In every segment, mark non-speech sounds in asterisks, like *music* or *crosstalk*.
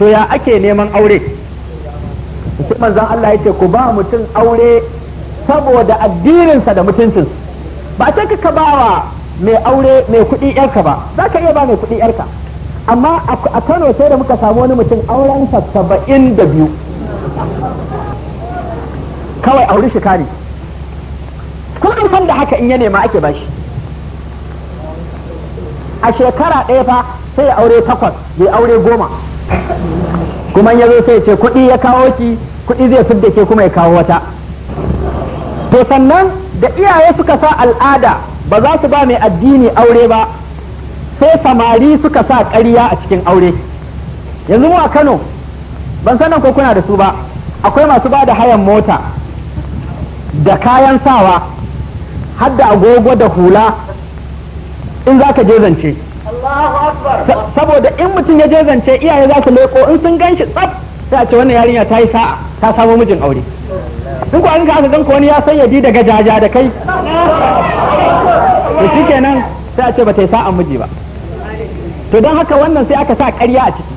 to ya ake neman aure shi manzan Allah ce ku ba mutum aure saboda addininsa da mutuncin ba ta ka ka bawa mai aure mai kuɗi yarka ba za ka iya ba mai kuɗi yarka amma a Kano sai da muka samu wani mutum auren sa saba'in da biyu kawai aure shi kari kullum san da haka in ya nema ake bashi a shekara ɗaya fa sai aure takwas bai aure goma kuma ya zo sai ce kuɗi ya kawo ki kuɗi zai fidda ke kuma ya kawo wata to sannan da iyaye suka sa al'ada ba za su ba mai addini aure ba sai samari suka sa ƙarya a cikin aure yanzu mu a kano ban sanin ko kuna da su ba akwai masu ba da hayan mota da kayan sawa har da agogo da hula in za ka je zance saboda in mutum ya je zance iyaye za su leko in sun gan shi tsaf sai a ce wannan yarinya ta yi sa'a ta samo mijin aure in ku an ga aka gan wani ya di daga jaja da kai to kenan sai a ce ba ta yi sa'a miji ba to don haka wannan sai aka sa karya a ciki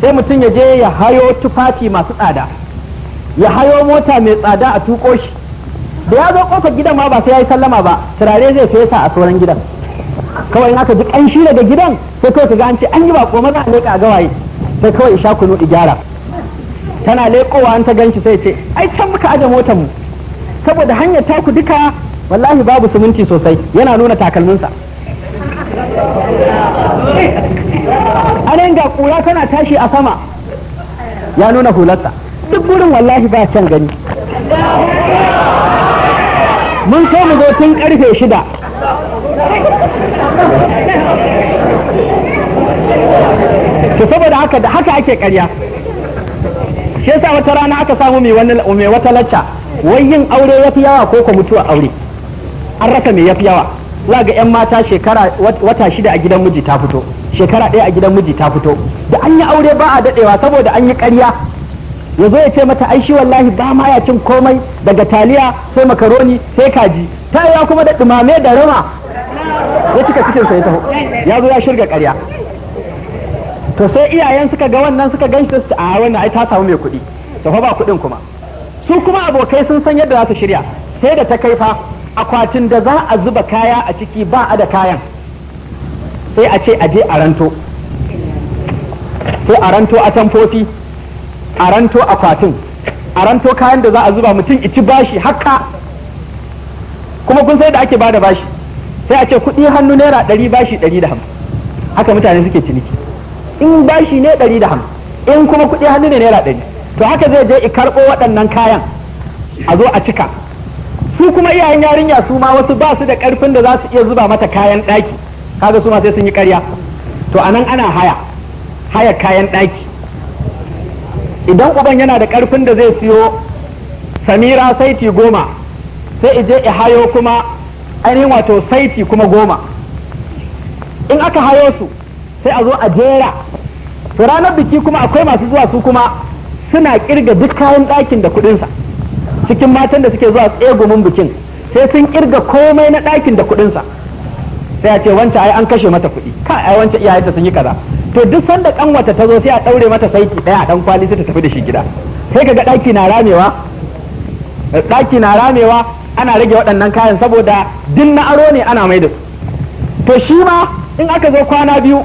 sai mutum ya je ya hayo tufafi masu tsada ya hayo mota mai tsada a tuko shi da ya zo ƙofar gidan ma ba sai ya yi sallama ba turare zai fesa a sauran gidan kawai in aka an shi daga gidan sai kawai kaga an ce an yi bako maza a ga gawaye sai kawai isha kunu igyara tana lekowa an ta ganshi sai ce ai can muka aje motar mu saboda hanyar taku duka wallahi babu suminti sosai yana nuna takalminsa anan ga kura tana tashi a sama ya nuna hularsa duk gurin wallahi ba can gani mun so mu zo tun karfe shida to saboda haka da haka ake karya shi yasa wata rana aka samu mai mai wata lacca wai yin aure yafi yawa ko ko mutuwa aure an raka mai yafi yawa za ga yan mata shekara wata shida a gidan miji ta fito shekara ɗaya a gidan miji ta fito da an yi aure ba a daɗewa saboda an yi ƙarya ya zo ya ce mata ai shi wallahi ba ma ya cin komai daga taliya sai makaroni sai kaji ta ya kuma da ɗumame da rama ya cika cikin sa ya taho ya zo ya shirga ƙarya to sai iyayen suka ga wannan suka gan shi a wannan ai ta samu mai kuɗi da fa ba kuɗin kuma su kuma abokai sun san yadda za su shirya sai da ta kai fa akwatin da za a zuba kaya a ciki ba a da kayan sai a ce a je a ranto sai a ranto a tamfofi a ranto akwatin a ranto kayan da za a zuba mutum ici bashi haka kuma kun sai da ake ba da bashi sai a ce kuɗi hannu naira ɗari bashi ɗari da hamsin haka mutane suke ciniki in bashi ne ɗari da hamsin in kuma kuɗi hannu ne naira ɗari to haka zai je i karɓo waɗannan kayan a zo a cika su kuma iyayen yarinya su ma wasu ba su da ƙarfin da za su iya zuba mata kayan ɗaki kaga su ma sai sun yi ƙarya to anan ana haya haya kayan ɗaki idan uban yana da ƙarfin da zai siyo samira saiti goma sai ije i hayo kuma ainihin wato saiti kuma goma in aka hayo su sai a zo a jera to ranar biki kuma akwai masu zuwa su kuma suna kirga duk kayan ɗakin da kuɗinsa cikin matan da suke zuwa tsegumin bikin sai sun kirga komai na ɗakin da kuɗinsa sai a ce wancan ai an kashe mata kuɗi ka ai wancan iyayenta sun yi kaza to duk sanda kanwata ta zo sai a ɗaure mata saiti ɗaya a ɗan kwali sai ta tafi da shi gida sai kaga ɗaki na ramewa ɗaki na ramewa ana rage waɗannan kayan saboda din na aro ne ana mai da su to shi ma in aka zo kwana biyu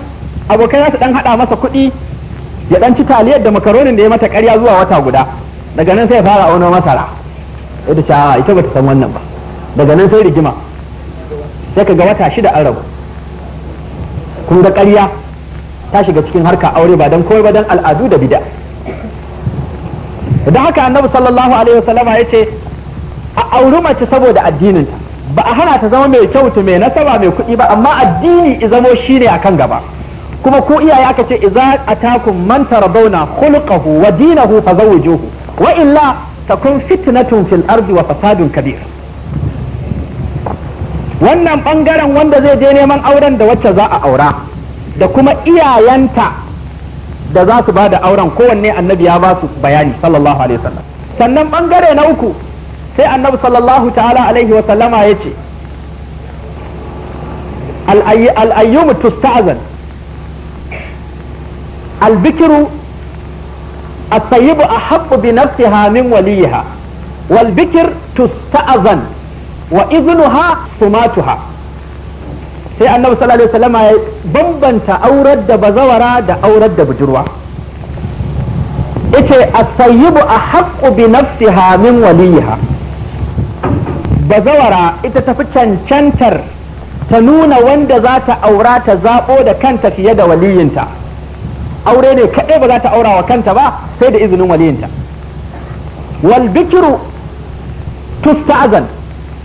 abokai za su dan haɗa masa kuɗi ya dan ci taliyar da makaronin da ya mata karya zuwa wata guda daga nan sai ya fara auno masara ita shawa ita bata san wannan ba daga nan sai rigima sai ka ga wata shida an rabu kun ga ƙarya ta shiga cikin harka aure ba dan komai ba dan al'adu da bid'a da haka annabi sallallahu alaihi wasallama yace a auri mace saboda addininta ba a hana ta zama mai kyautu mai nasaba mai kuɗi ba amma addini izamo shine akan gaba kuma ko iyaye aka ce idza atakum man taradawna khulquhu wa dinahu fazawwijuhu wa illa takun fitnatun fil ardi wa fasadun kabir wannan bangaren wanda zai je neman auren da wacce za a aura da kuma iyayenta da za su ba da auren kowanne annabi ya ba su bayani sallallahu alaihi wasallam sannan bangare na uku sai annabi sallallahu ta'ala alaihi wa sallama ya ce al'ayyumu tusta'azan albikiru asayibu الطيب أحق بنفسها من وليها والبكر تستأذن وإذنها سماتها sai annabi sallallahu alaihi wasallama ya bambanta aurar da bazawara da aurar da budurwa yace asayibu a haƙƙu bi nafsiha min waliha bazawara ita tafi cancantar ta nuna wanda za ta aura ta zaɓo da kanta fiye da waliyinta aure ne kaɗai ba za ta aura wa kanta ba sai da izinin waliyinta wal bikiru tusta'azan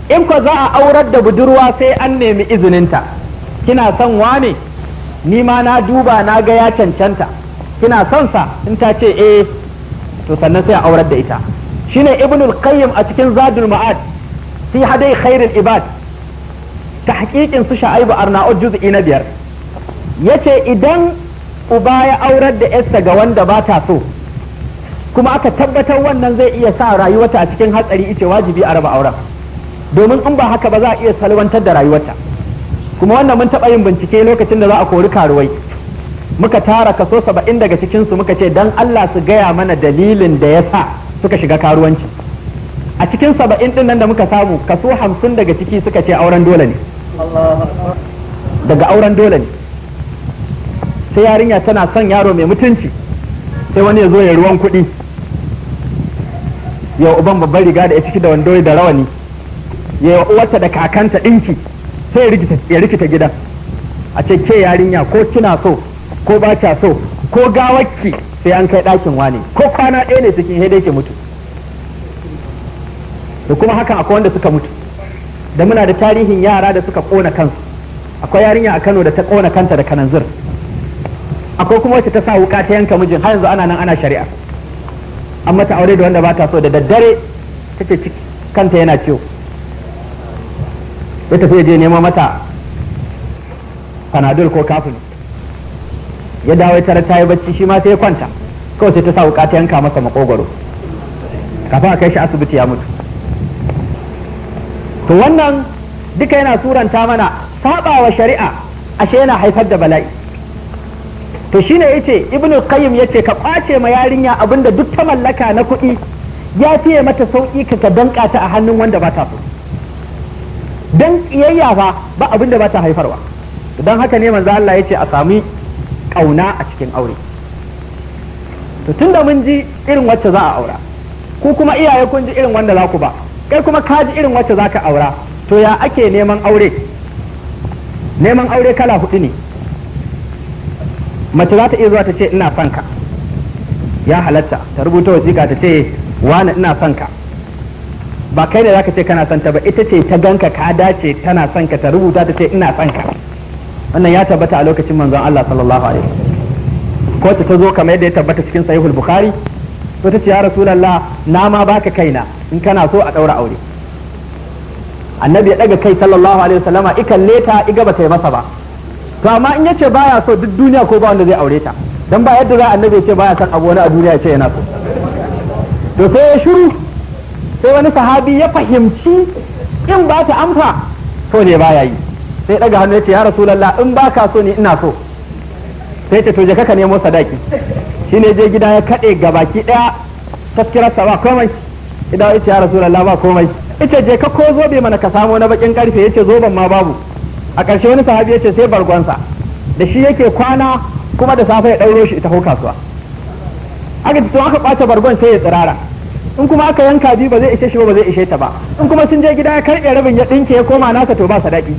in ko za a aurar da budurwa sai an nemi izininta kina son ne ni ma na duba na ga ya cancanta kina son sa in ta ce eh to sannan sai a aurar da ita shine ibnul qayyim a cikin zadul ma'ad fi hadai khairul ibad tahqiqin su sha'aibu arna'ud juz'i na biyar yace idan uba ya aurar da yasta ga wanda ba ta so kuma aka tabbatar wannan zai iya sa rayuwarta a cikin hatsari ice wajibi a raba auren domin in ba haka ba za a iya salwantar da rayuwarta kuma wannan mun taɓa yin bincike lokacin da za a kori karuwai muka tara kaso saba'in daga cikinsu muka ce dan Allah su gaya mana dalilin da ya sa suka shiga karuwanci a cikin saba'in din nan da muka samu kaso hamsin daga ciki suka ce auren dole ne daga auren dole ne sai yarinya tana son yaro mai mutunci sai wani ya zo ya ruwan kuɗi ya uban babban riga da ya ciki da wando da rawani ya yi uwarta da kakanta ɗinki sai ya rikita gida a ce ke yarinya ko kina so ko ba so ko gawakki sai an kai ɗakin wani ko kwana ɗaya ne cikin dai ke mutu da kuma haka akwai wanda suka mutu da muna da tarihin yara da suka kona kansu akwai yarinya a Kano da ta kona kanta da kananzir akwai kuma wacce ta sa wuka ta yanka mijin har yanzu ana nan ana shari'a an mata aure da wanda ba ta so da daddare ta ciki kanta yana ciwo ya tafi je nema mata panadol ko kafin ya dawo ya tara ta bacci shi ma sai ya kwanta kawai sai ta sa wuka ta yanka masa makogwaro kafin a kai shi asibiti ya mutu to wannan duka yana suranta mana wa shari'a ashe yana haifar da bala'i to shine yace ibnu qayyim yace ka kwace ma yarinya abinda duk ta mallaka na kuɗi ya fiye mata sauƙi ka ka danka ta a hannun wanda ba ta so dan kiyayya fa ba abinda ba ta haifarwa don haka ne manzo Allah yace a sami kauna a cikin aure to tunda mun ji irin wacce za a aura ku kuma iyaye kun ji irin wanda za ku ba kai kuma ka ji irin wacce zaka aura to ya ake neman aure neman aure kala hudu ne mace za ta iya zuwa ta ce ina son ka ya halatta ta rubuta wasiƙa ta ce wani ina son ka ba kai ne zaka ce kana son ta ba ita ce ta ganka ka dace tana son ka ta rubuta ta ce ina son ka wannan ya tabbata a lokacin manzon Allah sallallahu alaihi ko ta zo kamar yadda ya tabbata cikin sahihul bukhari to ta ce ya rasulullah na ma kai na in kana so a ɗaura aure annabi ya ɗaga kai sallallahu alaihi wasallama ikan ta iga bata ta yi masa ba to amma in yace baya so duk duniya ko ba wanda zai aure ta dan ba yadda za annabi ya ce baya son abu wani a duniya ya ce yana so to sai ya shiru sai wani sahabi ya fahimci in ba ta amsa so ne baya yi sai daga hannu ya ce ya lalla in baka so ne ina so sai ta to je ka nemo sadaki Shi ne je gida ya kaɗe ga baki ɗaya taskirarsa ba komai idan ya ce ya rasu ba komai ita je ka ko zobe mana ka samo na bakin karfe ya ce zoben ma babu a ƙarshe wani sahabi ya ce sai bargonsa da shi yake kwana kuma da safe ya ɗauro shi ita kasuwa aka to aka ɓata bargon sai ya tsirara in kuma aka yanka biyu ba zai ishe shi ba zai ishe ta ba in kuma sun je gida ya karɓe rabin ya ɗinke ya koma nasa to ba sadaki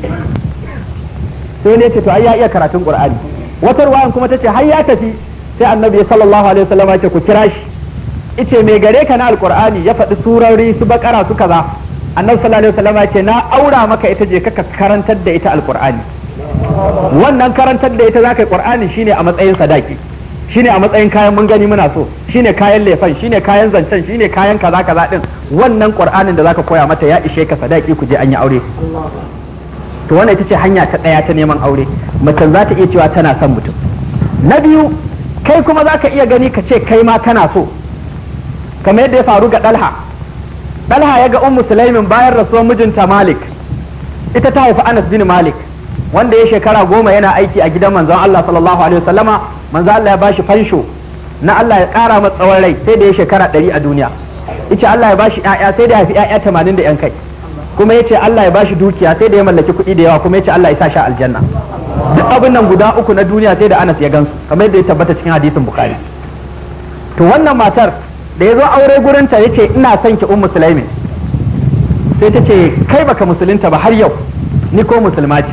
sai ne ce to ai ya iya karatun qur'ani wata ruwayan kuma ta ce har ya tafi sai annabi sallallahu alaihi wasallam ya ku kira shi ice mai gare ka na alqur'ani ya faɗi surori su bakara su kaza annabi sallallahu alaihi wasallam yake na aura maka ita je ka karantar da ita alqur'ani wannan karantar da ita zaka yi qur'ani shine a matsayin sadaki shine a matsayin kayan mun gani muna so shine kayan lefan shine kayan zancen shine kayan kaza kaza din wannan qur'anin da zaka koya mata ya ishe ka sadaki ku je an yi aure to wannan ita ce hanya ta daya ta neman aure mace za ta iya cewa tana son mutum na biyu kai kuma za ka iya gani ka ce kai ma kana so kamar yadda ya faru ga ɗalha ɗalha ya ga ummu sulaimin bayan rasuwar mijinta malik ita ta haifi anas bin malik wanda ya shekara goma yana aiki a gidan manzon Allah sallallahu alaihi wasallama manzon Allah ya bashi fansho na Allah ya kara masa tsawon rai sai da ya shekara ɗari a duniya ita Allah ya bashi yaya sai da ya haifi yaya tamanin da yan kai kuma ce Allah ya bashi dukiya sai da ya mallaki kuɗi da yawa kuma yace Allah ya sa sha aljanna duk abin nan guda uku na duniya sai da Anas ya gansu kamar yadda ya tabbata cikin hadisin Bukhari to wannan matar da ya zo aure gurin ta yace ina son ki ummu sulaimi sai ta ce kai baka musulunta ba har yau ni ko musulma ce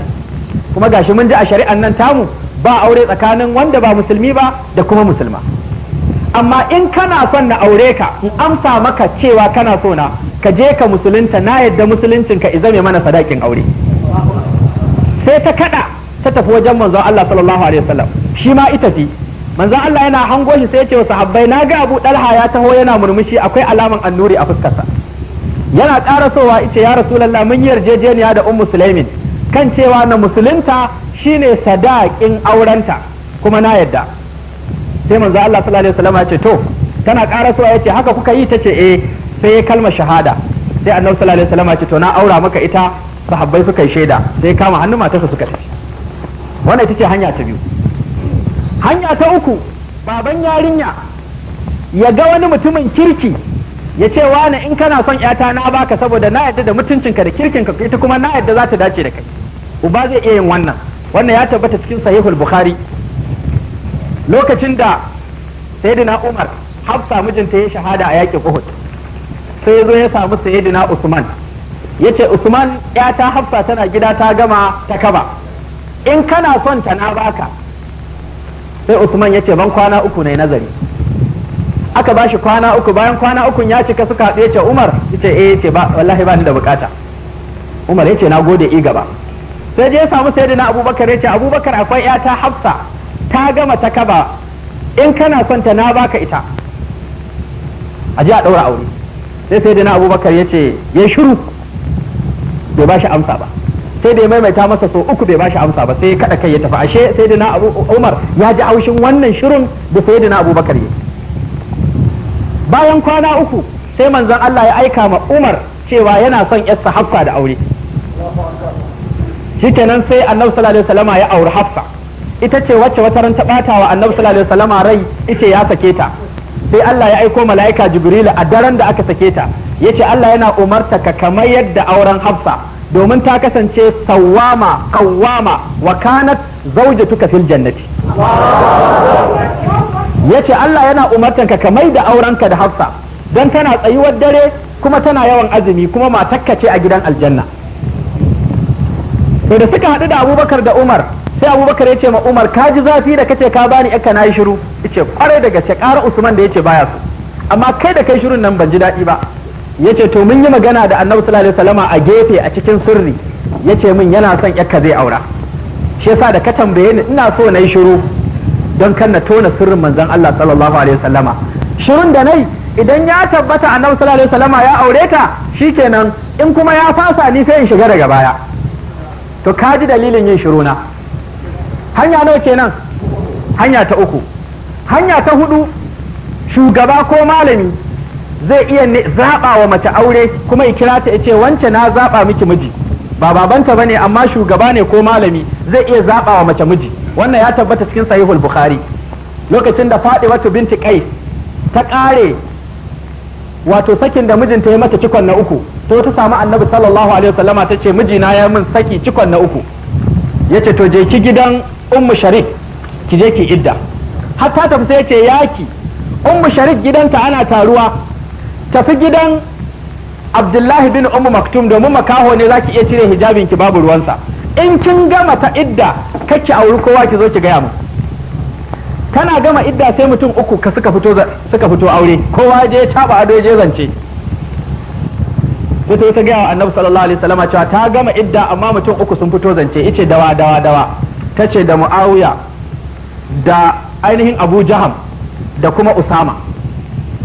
kuma gashi mun ji a shari'an nan tamu ba aure tsakanin wanda ba musulmi ba da kuma musulma amma in kana son na aure ka in amsa maka cewa kana so na ka je ka musulunta na yadda musuluncin ka izame mana sadakin aure sai ta kada ta tafi wajen manzon Allah sallallahu alaihi wasallam shi ma ita fi manzon Allah yana hango shi sai ya ce wa sahabbai na ga Abu Dalha ya taho yana murmushi akwai alaman annuri a fuskarsa yana karasowa ice ya rasulullah mun yi yarjejeniya da ummu sulaimin kan cewa na musulunta shine sadakin aurenta kuma na yadda sai manzon Allah sallallahu alaihi wasallam ya ce to kana karasowa yace haka kuka yi tace eh sai ya kalma shahada sai annabi sallallahu alaihi wasallam ya ce to na aura maka ita sahabbai suka yi shaida sai kama hannu matarsa suka tafi wannan ita ce hanya ta biyu hanya ta uku baban yarinya ya ga wani mutumin kirki ya ce wani in kana son yata na baka saboda na yadda da mutuncinka da kirkinka ita kuma na yadda za ta dace da kai uba zai iya yin wannan wannan ya tabbata cikin sahihul bukhari lokacin da sayyidina umar hafsa mijinta ya shahada a yakin uhud sai ya zo ya samu sayyidina usman ya ce usman yata hafsa tana gida ta gama ta kaba in kana son ta na baka sai Usman ya ce ban kwana uku ne nazari aka ba shi kwana uku bayan kwana uku ya cika suka haɗu yace ce Umar yace ce eh yace ba wallahi ba ni da bukata Umar yace na gode i gaba sai je ya samu sayyidina Abubakar yace Abubakar akwai yata Hafsa ta gama ta kaba in kana son ta na baka ita a ji a ɗaura aure sai sayyidina Abubakar ya ce ya shiru bai ba shi amsa ba sai da ya maimaita masa so uku bai bashi amsa ba sai kada kai ya tafi ashe sai da na Abu Umar ya ji aushin wannan shirin da sai da na Abu Bakar ya bayan kwana uku sai manzon Allah ya aika ma Umar cewa yana son sa Hafsa da aure shikenan sai Annabi sallallahu alaihi wasallam ya auri Hafsa ita ce wacce wata ran ta bata wa Annabi sallallahu alaihi wasallam rai ita ya sake ta sai Allah ya aiko mala'ika Jibril a daren da aka sake ta yace Allah yana umarta ka kamar yadda auren Hafsa domin ta kasance sawama kawama wa kanat zawjatuka fil jannati yace Allah yana umartanka ka mai da aurenka da Hafsa dan tana tsayuwar dare kuma tana yawan azumi kuma matakka ce a gidan aljanna to da suka hadu da Abubakar da Umar sai Abubakar ya ce ma Umar ka ji zafi da kace ka bani aka nayi shiru yace kware daga ce ƙara Usman da yace baya so amma kai da kai shirun nan ban ji daɗi ba ya ce to mun yi magana da annabi sallallahu alaihi wasallam a gefe a cikin sirri yace min yana son yakka zai aura shi yasa da ka tambaye ni ina so na yi shiru don kan na tona sirrin manzon Allah sallallahu alaihi wasallama shirun da nai idan ya tabbata annabi sallallahu alaihi wasallama ya aure ta shikenan in kuma ya fasa ni sai in shiga daga baya to ka ji dalilin yin shiru na hanya nawa kenan hanya ta uku hanya ta hudu shugaba ko malami zai iya zaɓa wa mace aure kuma ya kira ta ya ce wance na zaɓa miki miji ba babanta ba ne, amma shugaba ne ko malami zai iya zaɓa wa mace miji wannan ya tabbata cikin sahihul bukhari lokacin da faɗi wata binti kai ta ƙare wato sakin da mijinta ya mata cikon na uku to ta samu annabi sallallahu alaihi wasallama ta ce mijina ya min saki cikon na uku ya ce to je ki gidan ummu sharik ki je ki idda har ta tafi sai ce yaki ummu sharik gidanta ana taruwa tafi gidan abdullahi bin umu maktum domin makaho ne zaki iya cire hijabin ki babu ruwansa in kin gama ta idda kake auri kowa ki zo ki gaya mu tana gama idda sai mutum uku ka suka fito suka fito aure kowa je taba ado je zance sai ta gaya wa annabi sallallahu alaihi wasallam cewa ta gama idda amma mutum uku sun fito zance ice dawa dawa dawa tace da muawiya da ainihin abu jaham da kuma usama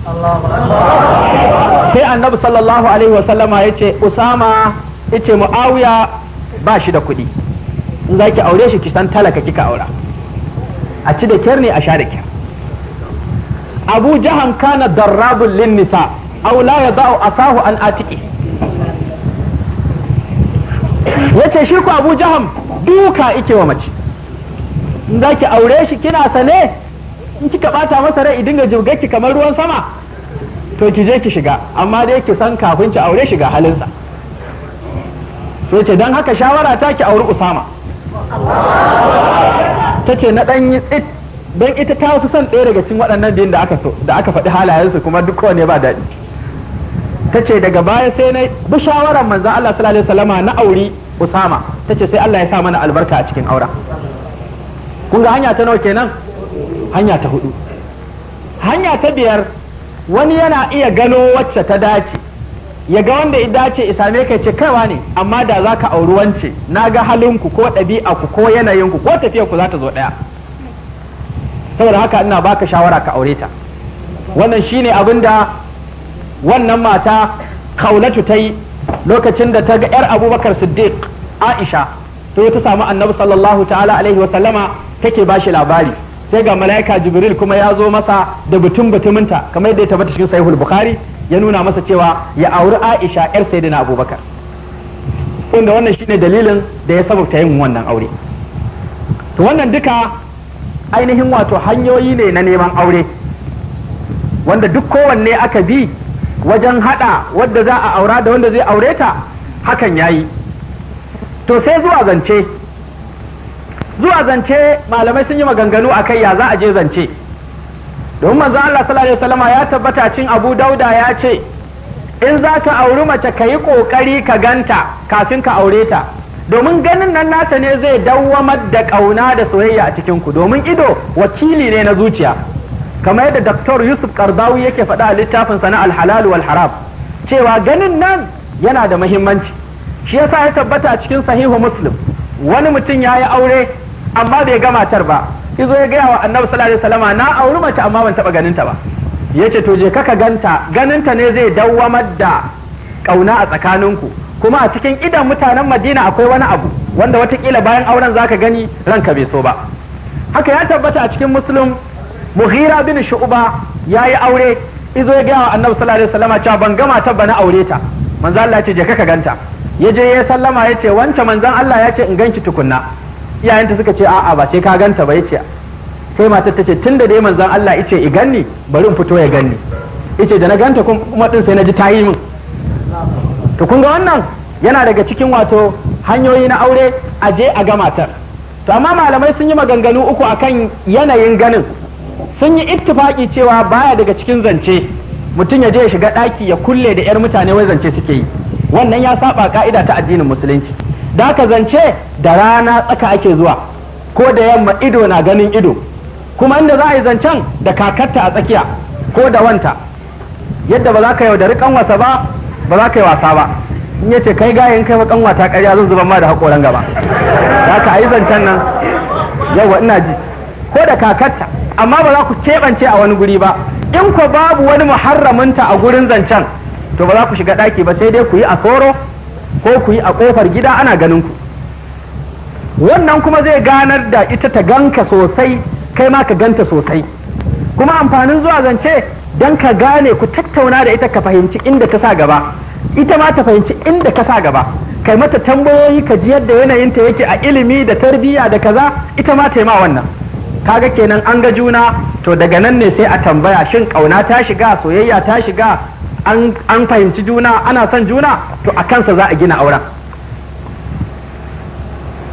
sai annabi sallallahu alaihi wasallama ya ce usama ya ce mu'awiya ba shi da kuɗi in za ki aure shi ki san talaka kika aura a ci da kyar ne a sha da kyar abu jahan kana darrabun lin nisa aw la yadau asahu an atiki yace shi ku abu jaham duka ike wa mace in za ki aure shi kina sane in kika bata masa rai idin ga jibgarki kamar ruwan sama to ki je ki shiga amma dai ki san kafin ki aure shiga halinsa So ce don haka shawara ta ki auri usama ta ce na ɗan yi tsit don ita ta wasu son ɗaya daga cikin waɗannan biyun da aka so da aka faɗi halayensu kuma duk kowane ba daɗi ta ce daga baya sai na bi shawarar manzan Allah sallallahu alaihi wasallama na auri usama ta ce sai Allah ya sa mana albarka a cikin aura kun ga hanya ta nawa kenan hanya ta hudu hanya ta biyar wani yana iya gano wacce ta dace ya ga wanda ya dace isa ne kai ce kaiwa ne amma da za ka auri wance na ga halinku ko ɗabi'aku ko yanayinku ko tafiyarku za ta zo ɗaya saboda haka ina baka shawara ka aure ta wannan shine abin da wannan mata kaulatu ta yi lokacin da ta ga yar abubakar siddiq aisha to ta samu annabi sallallahu ta'ala alaihi wa sallama take bashi labari sai ga mala'ika jibril kuma ya zo masa da butun butuminta kamar yadda ya tabbata cikin sahihul bukhari ya nuna masa cewa ya auri aisha yar sayyidina abubakar inda wannan shine dalilin da ya sababta yin wannan aure to wannan duka ainihin wato hanyoyi ne na neman aure wanda duk kowanne aka bi wajen hada wadda za a aura da wanda zai aure ta hakan yayi to sai zuwa zance zuwa zance malamai sun yi maganganu a kai ya za a je zance domin manzo Allah sallallahu alaihi wasallama ya tabbata cin Abu Dauda ya ce in za ka auri mace ka yi kokari ka ganta kafin ka aure ta domin ganin nan nata ne zai dawwamar da kauna da soyayya a cikin ku domin ido wakili ne na zuciya kamar yadda Dr. Yusuf Kardawi yake faɗa a littafin sana al-halal wal haram cewa ganin nan yana da muhimmanci shi yasa ya tabbata cikin sahihu Muslim wani mutum ya yi aure amma bai ga matar ba Izo ya gaya wa annabi sallallahu alaihi wasallam na auri mace amma ban taba ganin ta ba yace to je kaka ganta ganinta ne zai dawwamar da kauna a tsakaninku kuma a cikin idan mutanen Madina akwai wani abu wanda watakila bayan auren zaka gani ranka bai so ba haka ya tabbata a cikin muslim muhira bin shu'ba yayi aure izo ya gaya wa annabi sallallahu alaihi wasallam cewa ban ga matar ba na aure ta manzo Allah ya ce je kaka ganta ya je ya sallama ya ce wancan manzon Allah ya ce in ganci tukunna iyayenta suka ce a'a ba sai ka ganta ba ya ce sai matar ta ce tunda dai manzan Allah ce i ganni bari in fito ya ganni yace da na ganta kuma din sai na ji tayi min to kun ga wannan yana daga cikin wato hanyoyi na aure a je a ga matar to amma malamai sun yi maganganu uku akan yanayin ganin sun yi ittifaki cewa baya daga cikin zance mutum ya je ya shiga daki ya kulle da 'yar mutane wai zance suke yi wannan ya saba ka'ida ta addinin musulunci da ka zance da rana tsaka ake zuwa ko da yamma ido na ganin ido kuma inda za a yi zancen da kakarta a tsakiya ko da wanta yadda ba za ka yaudari wasa ba ba za ka yi wasa ba in ya ce kai gayen kai kanwa wata karya zan zuban ma da haƙoran gaba za ka yi zancen nan yawa ina ji ko da kakarta amma ba za ku keɓance a wani guri ba in ko babu wani muharraminta a gurin zancen to ba za ku shiga ɗaki ba sai dai ku yi a koro ko ku yi a ƙofar gida ana ganin ku wannan kuma zai ganar da ita ta ganka sosai kai ma ka ganta sosai kuma amfanin zuwa zance don ka gane ku tattauna da ita ka fahimci inda ta sa gaba ita ma ta fahimci inda ka sa gaba kai mata tambayoyi ka ji yadda yanayinta yake a ilimi da tarbiyya da kaza ita ma ma wannan kaga kenan an ga juna to daga nan ne sai a tambaya shin kauna ta shiga soyayya ta shiga an fahimci juna ana son juna to a kansa za a gina auren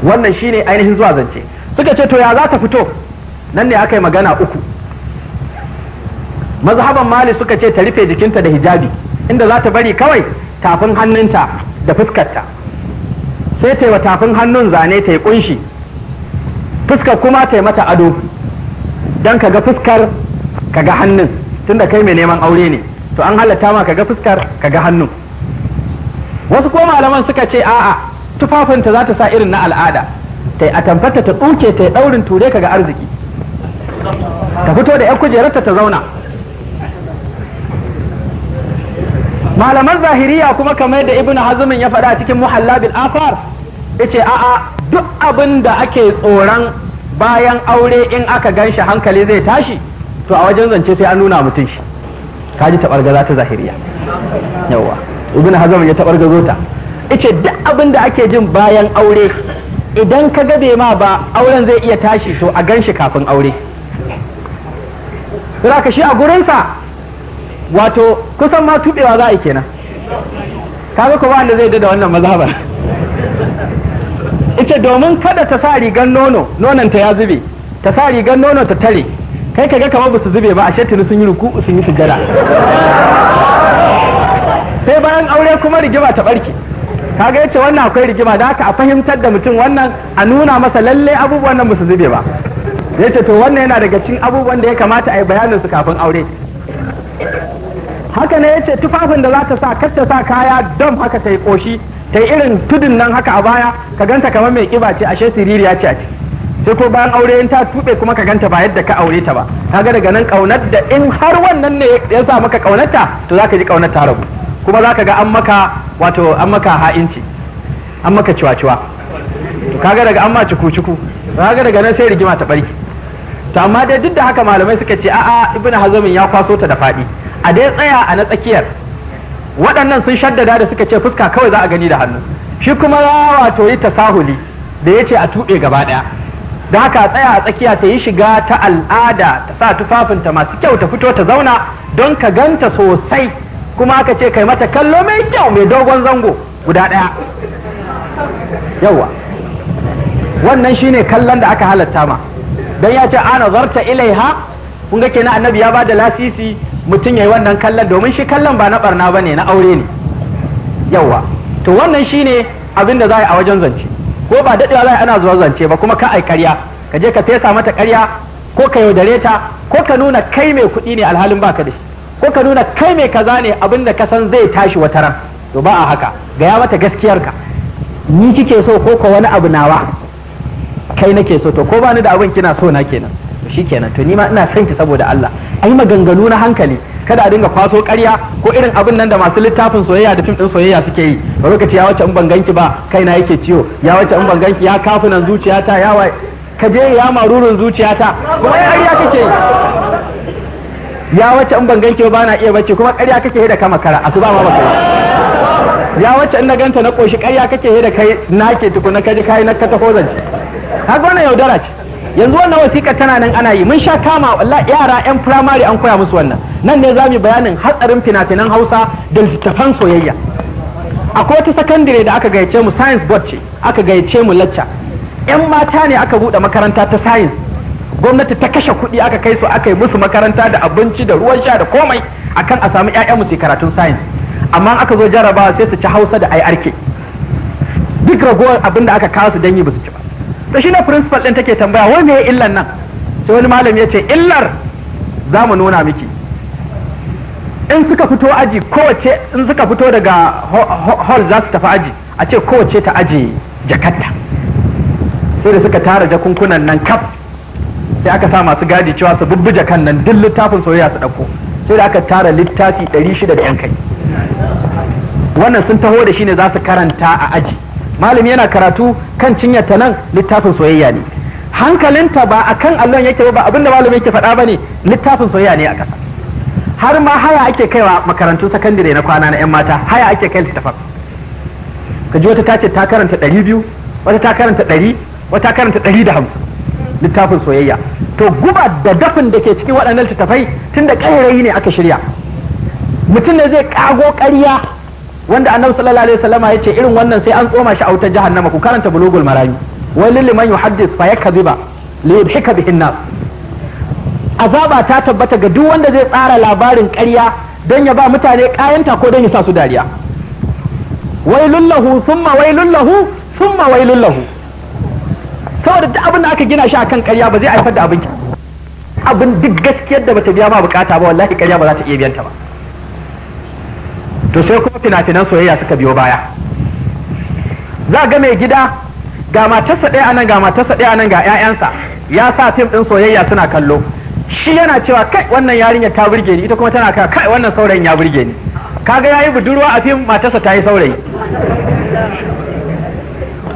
wannan shine ainihin zuwa zance suka ce to ya za ta fito nan ne aka yi magana uku mazhaban mali suka ce ta rufe jikinta da hijabi inda za ta bari kawai tafin hannunta da fuskarta sai ta yi wa tafin hannun zane ta yi kunshi fuskar kuma ta yi mata ado don ka ga fuskar ka ga hannun tunda kai mai neman aure ne to an halatta ma kaga fuskar kaga hannu wasu ko malaman suka ce a'a tufafinta za ta sa irin na al'ada ta yi a tamfata ta tsuke ta yi ɗaurin ture kaga arziki ka fito da 'yan kujerarta ta zauna malaman zahiriya kuma kamar da ibnu hazumin ya faɗa cikin bil afar ce a'a duk abin da ake tsoron bayan aure in aka ganshi hankali zai tashi to a wajen zance sai an nuna mutum shi kaji tabargaza ta zahiriya yawa ibn hazam ya tabargazo ta ice duk abin da ake jin bayan aure idan ka ga bai ma ba auren zai iya tashi to a ganshi kafin aure za ka shi a gurinsa wato kusan ma tuɓewa za a yi kenan ga kuma wanda zai da wannan mazhaba ita domin kada ta sa rigar nono nonon ta ya zube ta sa rigar nono ta tare kai ka ga kamar ba su zube ba a shattini sun yi ruku sun yi sujjada sai bayan aure kuma rigima ta barke kaga yace wannan akwai rigima da haka a fahimtar da mutum wannan a nuna masa lallai abubuwan nan ba su zube ba yace to wannan yana daga cikin abubuwan da ya kamata a yi bayanin su kafin aure haka ne yace tufafin da za ta sa kar ta sa kaya dam haka ta yi koshi ta irin tudun nan haka a baya ka ganta kamar mai kiba ce ashe siririya ce a ciki ko bayan aure in ta tuɓe kuma ka ganta ba yadda ka aure ta ba kaga daga nan kaunar da in har wannan ne ya sa maka kaunarta to zaka ji kaunar ta rabu kuma zaka ga an maka wato an maka ha'inci an maka ciwa-ciwa to kaga daga an ma ciku cuku kaga daga nan sai rigima ta bari to amma dai duk da haka malamai suka ce a'a ibnu hazamin ya kwaso ta da fadi a dai tsaya a na tsakiyar waɗannan sun shaddada da suka ce fuska kawai za a gani da hannu shi kuma ya wato yi tasahuli da ya ce a tuɓe gaba ɗaya da haka tsaya a tsakiya ta yi shiga ta al'ada ta sa tufafinta masu kyau ta fito ta zauna don ka ganta sosai kuma aka ce kai mata kallo mai kyau mai dogon zango guda ɗaya yawa wannan shine kallon da aka halatta ma Don ya ce ana zarta ilaiha kun ga kenan annabi ya ba da lasisi mutum ya yi wannan kallon domin shi kallon ba na barna ne na aure ne yawa to wannan shine abin da za a yi a wajen zance ko ba daɗewa za ana zuwa zance ba kuma ka ai karya ka je ka fesa mata karya ko ka yaudare ta ko ka nuna kai mai kuɗi ne alhalin baka da shi ko ka nuna kai mai kaza ne abin da ka san zai tashi wata ran to ba a haka gaya mata gaskiyarka ni kike so ko ko wani abu nawa kai nake so to ko ba da abin kina so na kenan to shikenan to ni ma ina son ki saboda Allah ai maganganu na hankali kada a dinga kwaso ƙarya ko irin abin nan da masu littafin soyayya da fim din soyayya suke yi a lokaci ya wace in ban ganki ba kaina yake ciwo ya wace in ban ganki ya kafunan zuciyata ya wa ka je ya marurun zuciyata kuma ƙarya kake yi ya wace in ban ganki ba na iya bacci kuma ƙarya kake yi da kama kara a su ba ma baka ya wace in na ganta na koshi ƙarya kake yi da kai nake tukuna kaji kai na ka taho zance kaga wannan yaudara ce yanzu wannan wasiƙa tana nan ana yi mun sha kama walla yara yan firamare an koya musu wannan nan ne zamu bayanin hatsarin fina-finan Hausa da littafan soyayya akwai wata sakandare da aka gayyace mu science board ce aka gayyace mu lacca yan mata ne aka bude makaranta ta science gwamnati ta kashe kuɗi aka kai su aka yi musu makaranta da abinci da ruwan sha da komai akan a samu mu su karatun science amma aka zo jarabawa sai su ci Hausa da arke duk ragowar abin da aka kawo su don yi ba su ci ba to ne principal ɗin take tambaya wai me illan nan sai wani malami ya ce illar za mu nuna miki in suka fito aji kowace in suka fito daga hall za su tafi aji a ce kowace ta aji jakarta sai da suka tara jakunkunan nan kaf sai aka sa masu gadi cewa su bubbuja kan nan duk littafin soyayya su ɗauko sai da aka tara littafi 600 da yan kai wannan sun taho da shi ne za su karanta a aji malami yana karatu kan cinya ta nan littafin soyayya ne hankalinta ba a kan allon yake ba abinda malami yake faɗa ne littafin soyayya ne a ƙasa har ma haya ake kaiwa makarantun sakandire na kwana na yan mata haya ake kai littafin ka ji wata ta ce ta karanta ɗari biyu wata ta karanta ɗari wata ta karanta ɗari da hamsin littafin soyayya to guba da dafin da ke cikin waɗannan littafai tun da ƙayarai ne aka shirya mutum ne zai ƙago ƙarya wanda annabi sallallahu alaihi wasallama yace irin wannan sai an tsoma shi a wutar jahannama ku karanta bulugul marami wai liman yuhaddis fa yakdhiba li yudhika bihin nas azaba ta tabbata ga duk wanda zai tsara labarin ƙarya don ya ba mutane kayanta ko don ya sa su dariya wailun lahu summa wailun lahu summa wailun lahu saboda duk abin da aka gina shi akan ƙarya ba zai haifar da abin abin duk gaskiyar da bata biya ma bukata ba wallahi ƙarya ba za ta iya biyanta ba to sai kuma fina-finan soyayya suka biyo baya za ga mai gida ga matarsa ɗaya anan ga matarsa ɗaya anan ga ƴaƴansa ya sa fim ɗin soyayya suna kallo shi yana cewa kai wannan yarinyar ta burge ni ita kuma tana kai kai wannan saurayin ya burge ni kaga yayi budurwa a fim matarsa ta yi saurayi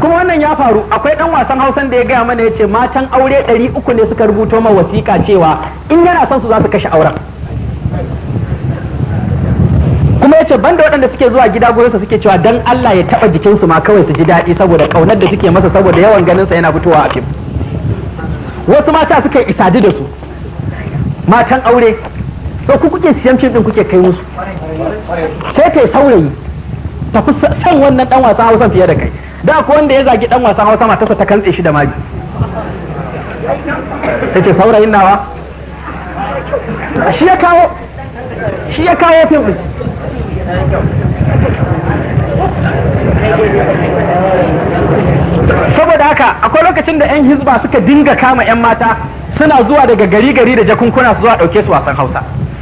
kuma wannan ya faru akwai dan wasan hausan da ya gaya mana ya ce matan aure ɗari uku ne suka rubuto ma wasiƙa cewa in yana son su za su kashe auren kuma yace banda waɗanda suke zuwa gida sa suke cewa dan Allah ya taba jikinsu ma kawai su ji daɗi saboda kaunar da suke masa saboda yawan ganin sa yana fitowa a fim wasu mata suka yi isadi da su matan aure to ku kuke siyan fim din kuke kai musu sai kai saurayi ta tafi san wannan dan wasan Hausa fiye da kai da ko wanda ya zagi dan wasan Hausa matarsa ta kantse shi da magi take saurayin nawa shi ya kawo shi ya kawo fim din saboda haka akwai lokacin da 'yan hizba suka dinga kama 'yan mata suna zuwa daga gari gari da jakunkuna su zuwa ɗauke su wasan hausa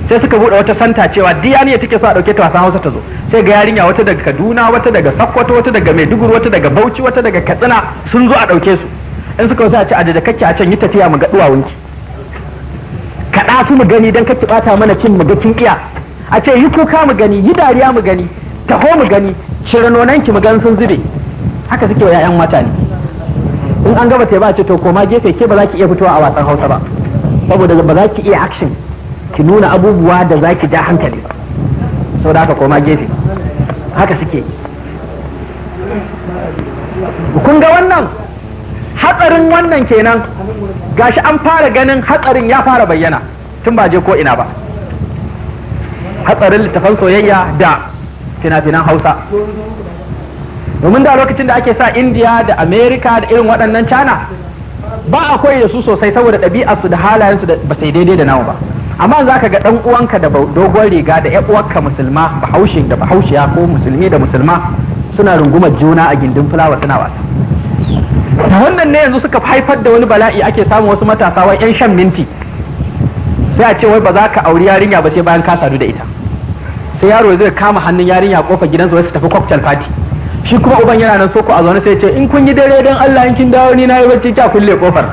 sai suka buɗe wata santa cewa diyaniya take so a ɗauke ta wasan hausa ta zo sai ga yarinya wata daga kaduna wata daga sakkwato wata daga maiduguri wata daga bauchi wata daga katsina sun zo a ɗauke su in suka wasu a ce a da kake a can yi tafiya mu ga duwawunki kaɗa su mu gani don kake bata mana cin mu ga kin iya a ce yi kuka mu gani yi dariya mu gani taho mu gani cire ki mu gan sun zube haka suke wa 'ya'yan mata ne in an gaba sai ba ce to koma gefe ke ba za ki iya fitowa a wasan hausa ba saboda ba za ki iya action ki nuna abubuwa da za ki ja hankali ba saboda haka koma gefe haka suke kun ga wannan hatsarin wannan kenan gashi an fara ganin hatsarin ya fara bayyana tun ba je ko ina ba hatsarin littafan soyayya da finafinan hausa domin da lokacin da ake sa indiya da amerika da irin waɗannan cana ba a koyi da su sosai saboda ɗabi'arsu da halayensu da ba sai daidai da nawa ba amma za ka ga ɗan uwanka da dogon riga da ƴan uwanka musulma bahaushe da bahaushiya ko musulmi da musulma suna rungumar juna a gindin fulawa suna wasa da wannan ne yanzu suka haifar da wani bala'i ake samun wasu matasa wa 'yan shan minti sai a ce wai ba za ka auri yarinya ba sai bayan ka sadu da ita sai yaro zai kama hannun yarinya kofar gidansa wai su tafi cocktail party shi kuma uban yana nan soko a zaune sai ce in kun yi dare don Allah in kin dawo ni na yi bacci kya kulle kofar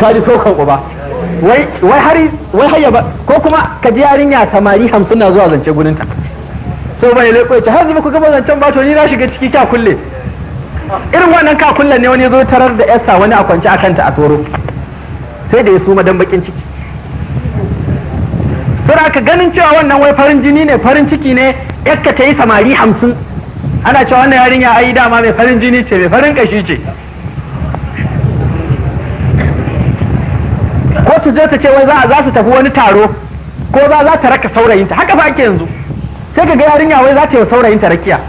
ka ji sokon uba wai wai har wai hayya ba ko kuma ka ji yarinya samari hamsin na zuwa zance gurin ta so bai ya ce har ku gaba zancen ba to ni na shiga ciki kya kulle irin wannan ka kulle ne wani zo tarar da yasa wani a kwance akan ta a tsoro sai da ya suma dan bakin ciki don aka ganin cewa wannan wai farin jini ne farin ciki ne yakka ta yi samari hamsin ana cewa wannan yarinya ayi dama mai farin jini ce mai farin kashi ce ko su je ta ce wai za su tafi wani taro ko za za ta raka saurayinta haka fa ake yanzu sai ka ga yarinya wai za ta yi saurayinta rakiya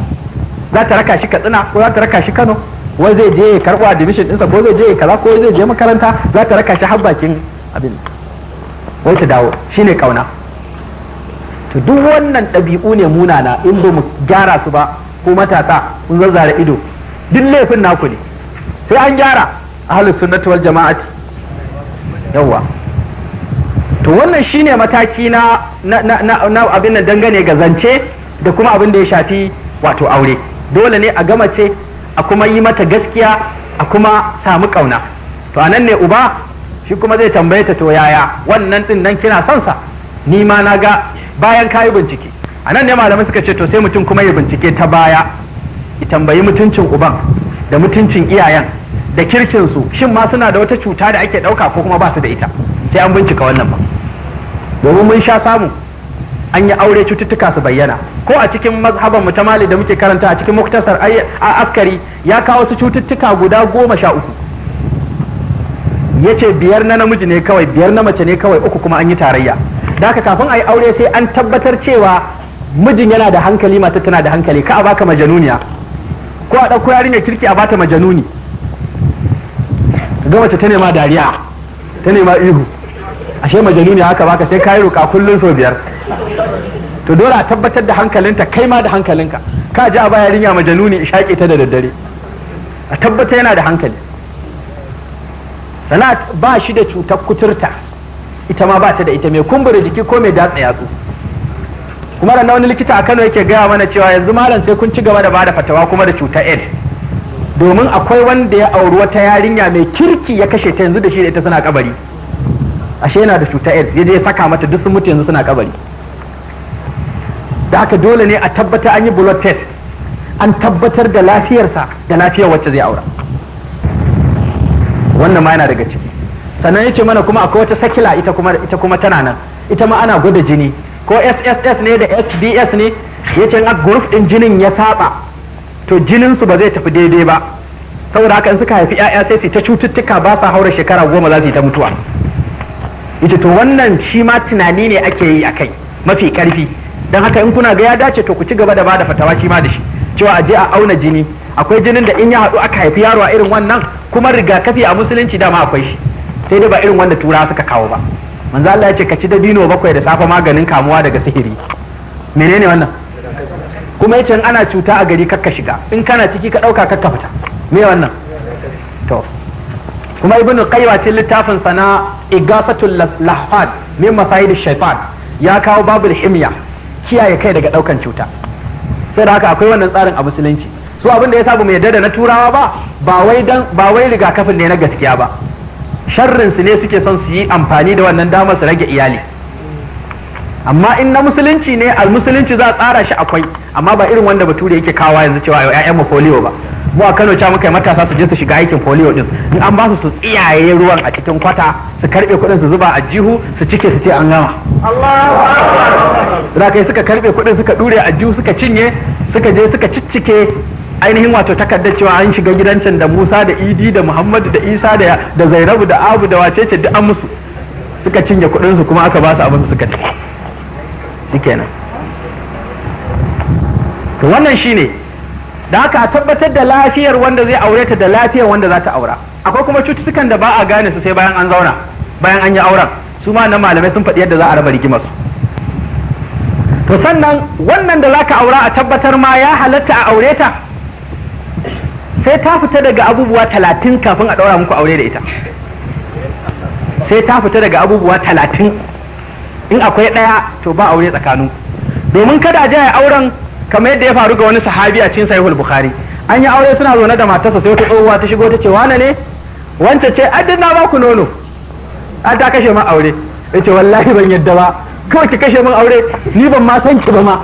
za ta raka shi katsina ko za ta raka shi kano wai zai je ya karɓo division ɗinsa ko zai je kaza ko zai je makaranta za ta raka shi har bakin abin wai ta dawo shine kauna to duk wannan ɗabi'u ne munana in ba mu gyara su ba ko matasa kun zazzara ido duk laifin naku ne sai an gyara ahlus sunnati wal jama'ati yawa to wannan shine mataki na na abin nan dangane ga zance da kuma abin da ya shafi wato aure dole ne a gama ce a kuma yi mata gaskiya a kuma samu kauna to anan ne uba shi kuma zai tambaye ta to yaya wannan din nan kina son sa ni ma na ga bayan kayi bincike a nan ne malamai suka ce to sai mutum kuma ya bincike ta baya ya tambayi mutuncin uban da mutuncin iyayen da kirkinsu shin ma suna da wata cuta da ake ɗauka ko kuma ba su da ita sai an bincika wannan ba domin mun sha samu an yi aure cututtuka su bayyana ko a cikin mazhaban mu ta mali da muke karanta a cikin muktasar a askari ya kawo su cututtuka guda goma sha uku ya ce biyar na namiji ne kawai biyar na mace ne kawai uku kuma an yi tarayya da haka kafin a yi aure sai an tabbatar cewa mijin yana da hankali mata tana da hankali ka a baka majanuniya ko a ɗauko yarinyar kirki a bata majanuni ga wace ta nema dariya ta nema ihu ashe majanuniya haka baka sai kayi roƙa kullum sau biyar to dole a tabbatar da hankalinta kai ma da hankalinka ka ji a ba yarinya majanuni shaƙe ta da daddare a tabbatar yana da hankali sana'at ba shi da cutar kuturta ita ma ba ta da ita mai kumbura jiki ko mai datsa yatsu kuma da wani likita a Kano yake gaya mana cewa yanzu malam sai kun ci gaba da bada fatawa kuma da cuta ed domin akwai wanda ya auri wata yarinya mai kirki ya kashe ta yanzu da shi da ita suna kabari ashe yana da cuta ed yaje ya saka mata duk sun mutu yanzu suna kabari da haka dole ne a tabbata an yi blood test an tabbatar da lafiyarsa da lafiyar wacce zai aura wannan ma yana daga ciki sannan yace mana kuma akwai wata sakila ita kuma ita kuma tana nan ita ma ana gwada jini ko SSS ne da HDS ne yace in group din jinin ya saba to jinin su ba zai tafi daidai ba saboda haka in suka haifi 'ya'ya sai su ta cututtuka ba sa haura shekara goma za su yi ta mutuwa ita to wannan shi ma tunani ne ake yi akai mafi karfi don haka in kuna ga ya dace to ku ci gaba da ba da fatawa shi ma da shi cewa a je a auna jini akwai jinin da in ya haɗu aka haifi yaro a irin wannan kuma rigakafi a musulunci dama akwai shi sai dai ba irin wanda tura suka kawo ba manzo Allah ya ce ka ci dabino bakwai da safa maganin kamuwa daga sihiri menene wannan kuma yace ana cuta a gari kakka shiga in kana ciki ka dauka kakka fita me wannan to kuma ibnu qayyim cikin littafin sana igafatul lahfad min masayid shaytan ya kawo babul himya kiyaye kai daga daukan cuta sai da haka akwai wannan tsarin a musulunci su abin da ya sabu mai yarda da na turawa ba ba wai dan ba wai rigakafin ne na gaskiya ba sharrin su ne suke son su yi amfani da wannan damar su rage iyali amma in na musulunci ne al musulunci za a tsara shi akwai amma ba irin wanda bature yake kawa yanzu cewa yau ƴaƴan mu polio ba mu a Kano cha muka matasa su je su shiga aikin polio din in an ba su su tsiyaye ruwan a cikin kwata su karbe kuɗin su zuba a jihu su cike su ce an gama Allahu akbar suka karbe kuɗin suka dure a jihu suka cinye suka je suka ciccike ainihin wato takardar cewa an shiga gidancin da Musa da Idi da Muhammadu da Isa da da Zainabu da Abu da wacece duk an musu suka cinye kuɗin su kuma aka ba su abin suka ci shikenan to wannan shine da haka a tabbatar da lafiyar wanda zai aure ta da lafiyar wanda za ta aura akwai kuma cututtukan da ba a gane su sai bayan an zauna bayan an yi auren su ma na malamai sun faɗi yadda za a raba rigimar su to sannan wannan da zaka aura a tabbatar ma ya halatta a aure ta sai ta fita daga abubuwa talatin kafin a ɗaura muku aure da ita sai ta fita daga abubuwa talatin in akwai ɗaya to ba aure tsakanin domin kada a jaya auren kamar yadda ya faru ga wani sahabi a cikin sahihul bukhari an yi aure suna zaune da matarsa sai wata tsohuwa ta shigo ta ce wane ne wance ce addin na ba ku nono an ta kashe ma aure ya ce wallahi ban yadda ba kawai ki kashe min aure ni ban ma san ki ba ma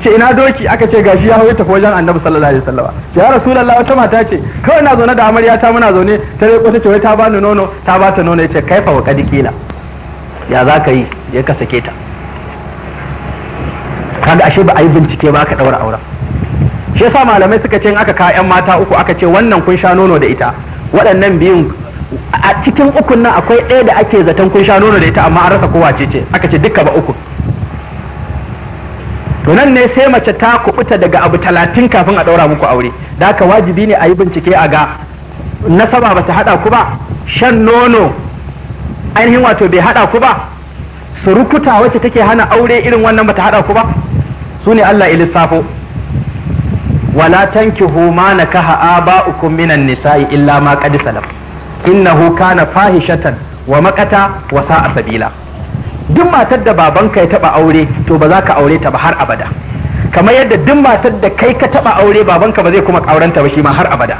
ce ina doki aka ce gashi ya tafi wajen annabi sallallahu alaihi wasallam ya rasulullahi wata mata ce kawai na zaune da amarya ta muna zaune ta rai ta ce wai ta bani nono ta ba ta nono yace kaifa wa kadikila ya za ka yi ya ka sake ta kaga ashe ba a yi bincike ba aka daura auren shi yasa malamai suka ce in aka ka yan mata uku aka ce wannan kun sha nono da ita waɗannan biyun a cikin ukun nan akwai ɗaya da ake zaton kun sha nono da ita amma an rasa kowace ce aka ce dukka ba uku to nan ne sai mace ta kubuta daga abu talatin kafin a ɗaura muku aure da haka wajibi ne a yi bincike a ga nasaba ba ta haɗa ku ba shan nono ainihin wato bai haɗa ku ba surukuta wacce take hana aure irin wannan ba ta haɗa ku ba su ne Allah ya lissafo wala tanki tankihu ma ba aba'ukum minan nisa'i illa ma qad salaf innahu kana fahishatan wa makata wa sa'a sabila duk matar da babanka ya taba aure to ba za ka aure ta ba har abada kamar yadda duk matar da kai ka taba aure babanka ba zai kuma aurenta ba shi ma har abada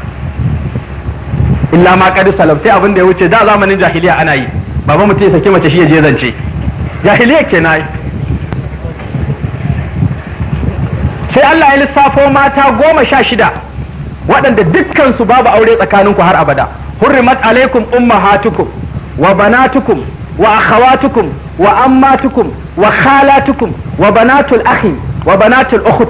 illa ma kadu sai abin da ya wuce da zamanin jahiliya ana yi baba mutum ya saki mace shi ya je zance jahiliya kenan sai Allah ya lissafo mata goma sha shida waɗanda dukkansu babu aure tsakaninku har abada hurrimat alaikum ummahatukum wa banatukum وأخواتكم وأماتكم وخالاتكم وبنات الأخ وبنات الأخت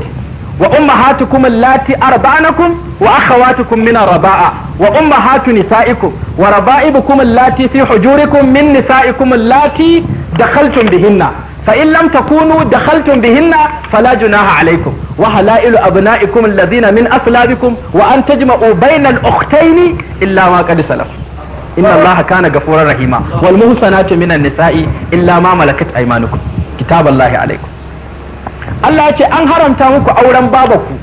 وأمهاتكم اللاتي أرضعنكم وأخواتكم من الرضاعة وأمهات نسائكم وربائبكم اللاتي في حجوركم من نسائكم اللاتي دخلتم بهن فإن لم تكونوا دخلتم بهن فلا جناح عليكم وهلائل أبنائكم الذين من أسلابكم وأن تجمعوا بين الأختين إلا ما قد سلف inna allaha kana gafurar rahima wal muhsanatu minan nisa'i illa ma malakat aymanukum kitaballahi alaikum Allah ce an haramta muku auren babaku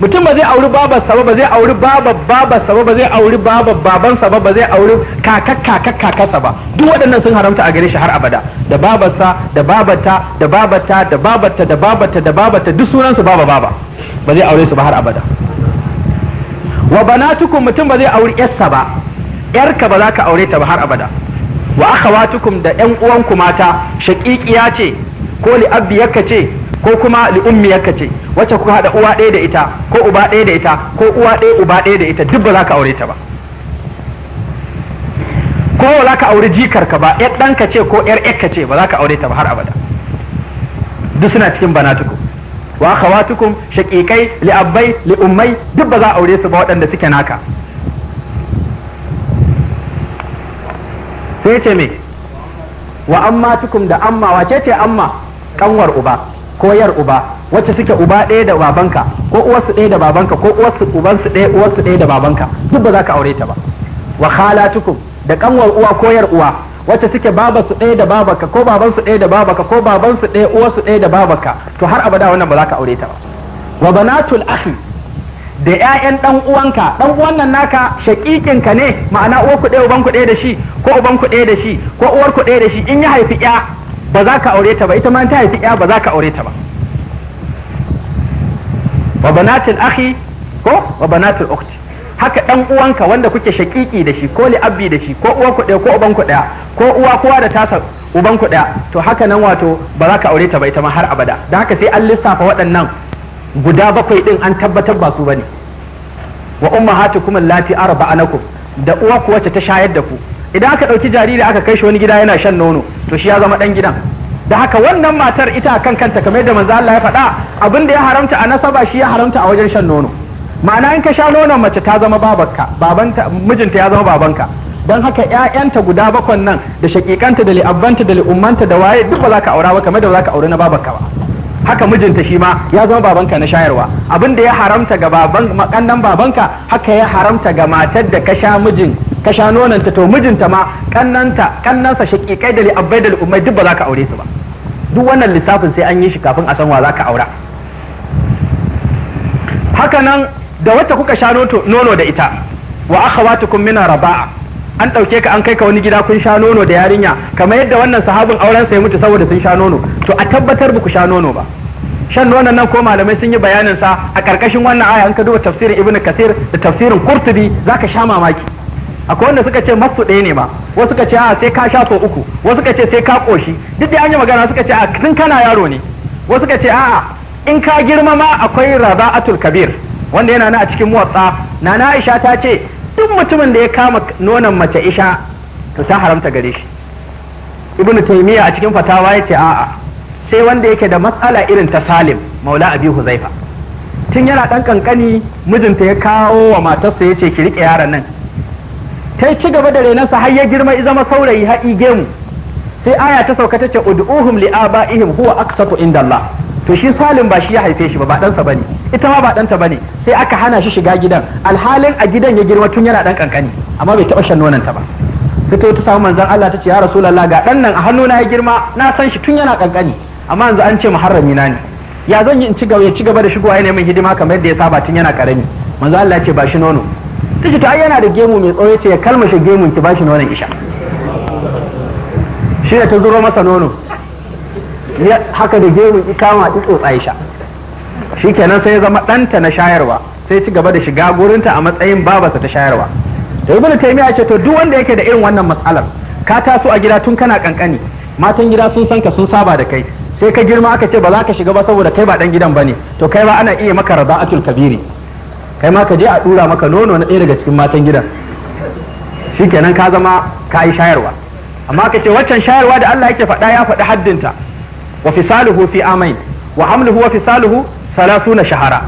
mutum ba zai auri babarsa ba ba zai auri babar babarsa ba ba zai auri babar babansa ba ba zai auri kakak kakak kakarsa ba duk waɗannan sun haramta a gare shi har abada da sa da babata da babata da babata da babata da babata duk sunansu baba baba ba zai aure su ba har abada wa banatukum mutum ba zai auri yarsa ba yarka ba za ka aure ta ba har abada wa akhawatukum da ƴan uwanku mata shaqiqiya ce ko li abbiyaka ce ko kuma li ummiyaka ce wacce kuka hada uwa ɗaya da ita ko uba ɗaya da ita ko uwa ɗaya uba ɗaya da ita duk ba za ka aure ta ba ko ba za ka aure jikarka ba ƴar ka ce ko ƴar ka ce ba za ka aure ta ba har abada duk suna cikin banatukum wa akhawatukum shaqiqai li abbai li ummai duk ba za a aure su ba waɗanda suke naka sai ce me wa amma tukum da amma wace ce amma kanwar uba ko yar uba wacce suke uba ɗaya da babanka ko uwarsu ɗaya da babanka ko uwarsu ubansu ɗaya uwarsu ɗaya da babanka duk ba za ka aure ta ba wa tukum da kanwar uwa ko yar uwa wacce suke babansu ɗaya da babanka ko babansu ɗaya da babanka ko babansu ɗaya uwarsu ɗaya da babanka to har abada wannan ba za ka aure ta ba wa banatul akhi da ƴaƴan dan uwanka dan uwan nan naka shakikin ka ne ma'ana uwar ku ɗaya uban ku ɗaya da shi ko uban ku ɗaya da shi ko uwar ku ɗaya da shi in ya haifi ƴa ba za ka aure ta ba ita ma ta haifi ƴa ba za ka aure ta ba wa banatil akhi ko wa banatil ukhti haka dan uwanka wanda kuke shakiki da shi ko li'abbi da shi ko uwar ku ɗaya ko uban ku ɗaya ko uwa kowa da tasa uban ku ɗaya to haka nan wato ba za ka aure ta ba ita ma har abada don haka sai an lissafa waɗannan guda bakwai din an tabbatar ba su bane wa lati allati arba'anakum da uwa ku wacce ta shayar da ku idan aka ɗauki jariri aka kai shi wani gida yana shan nono to shi ya zama dan gidan da haka wannan matar ita kan kanta kamar yadda manzo Allah ya faɗa abin da ya haramta a nasaba shi ya haramta a wajen shan nono ma'ana in ka sha nonon mace ta zama babanka babanta mijinta ya zama babanka don haka ƴaƴanta guda bakwan nan da shakikanta da li'abbanta da li'ummanta da waye duk ba za ka aura ba kamar da ba za ka aure na babanka ba haka mijinta shi ma ya zama babanka na shayarwa abin da ya haramta ga baban makannan babanka haka ya haramta ga matar da ka sha mijin ka sha nonanta to mijinta ma kannanta kannansa shaqiqai da abai da li'ummai duk ba za ka aure su ba duk wannan lissafin sai an yi shi kafin a san wa za ka aura haka nan da wata kuka sha nono da ita wa akhawatukum min raba'a an ɗauke ka an kai ka wani gida kun sha nono da yarinya kamar yadda wannan sahabin auren sai mutu saboda sun sha nono to a tabbatar ba ku sha nono ba shan nonon nan ko malamai sun yi bayanin sa a ƙarƙashin wannan aya an ka duba tafsirin ibnu kasir da tafsirin za ka sha mamaki akwai wanda suka ce masu ɗaya ne ma wasu suka ce a sai ka sha so uku wasu suka ce sai ka koshi duk da an yi magana suka ce a tun kana yaro ne wasu suka ce a'a in ka girma ma akwai atul kabir wanda yana na a cikin muwatsa nana aisha ta ce duk mutumin da ya kama nonon mace isha to ta haramta gare shi ibn taymiya a cikin fatawa yace a'a sai wanda yake da matsala irin ta salim maula abi huzaifa tun yana dan kankani mijinta ya kawo wa matarsa yace ki rike yaron nan ta ci gaba da renansa har ya girma ya zama saurayi har gemu sai aya ta sauka tace ud'uhum li abaihim huwa aqsatu indallah to shi salim ba shi ya haife shi ba ba ɗansa bane ita ma ba ɗanta bane sai aka hana shi shiga gidan alhalin a gidan ya girma tun yana dan kankani amma bai taɓa shan nonon ta ba fito ta samu manzon Allah ta ce ya rasulullah ga ɗan nan a hannuna ya girma na san shi tun yana kankani amma yanzu an ce muharrami na ne ya zan yi in ci gaba ya ci gaba da shigowa yana min hidima kamar yadda ya saba tun yana karami manzo Allah ya ce ba shi nono tace to ai yana da gemu mai tsawo ce ya kalmashe gemun ki ba shi nonon isha shi ta zuro masa nono ya haka da gemun ikama ta tsotsa ya sha shikenan sai ya zama ɗanta na shayarwa sai ci gaba da shiga gurinta a matsayin babasa ta shayarwa to ta taymiya ce to duk wanda yake da irin wannan matsalar ka taso a gida tun kana kankani matan gida sun san ka sun saba da kai sai ka girma aka ce ba za ka shiga ba saboda kai ba dan gidan ne to kai ba ana iya maka rada'atul kabiri kai ma ka je a dura maka nono na ɗaya daga cikin matan gidan shikenan ka zama ka yi shayarwa amma ka ce waccan shayarwa da Allah yake faɗa ya faɗi haddinta wa fisaluhu fi amain wa hamluhu wa fisaluhu salasuna shahara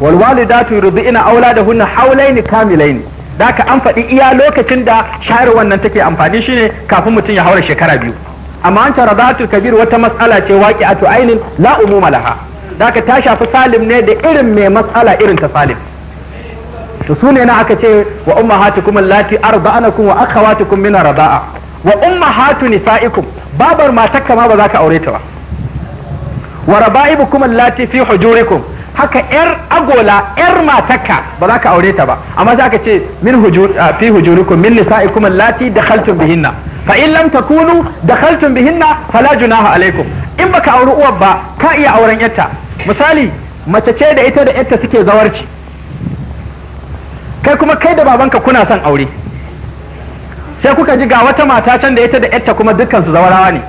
wal walidatu yurdina auladahunna hawlaini daka an faɗi iya lokacin da shayar wannan take amfani shine kafin mutum ya haura shekara biyu amma an taradatul kabir wata matsala ce waqi'atu ainin la umuma laha daka ta shafi salim ne da irin mai matsala irin ta salim to su na aka ce wa ummahatukum allati arba'anakum wa akhawatukum min arda'a wa ummahatu nisa'ikum babar matakka ma ba za ka aure ta ba wa raba'ibukum allati fi hujurikum haka yar agola yar mataka ba za ka aure ta ba amma za ka ce min hujur fi hujurikum min nisa'ikum allati dakhaltum bihinna fa in lam takunu dakhaltum bihinna fala junaha alaikum in baka auri uwar ba ka iya auren yarta misali mace ce da ita da yarta suke zawarci kai kuma kai da babanka kuna son aure sai kuka ji ga wata mata can da ita da yarta kuma dukkan su zawarawa ne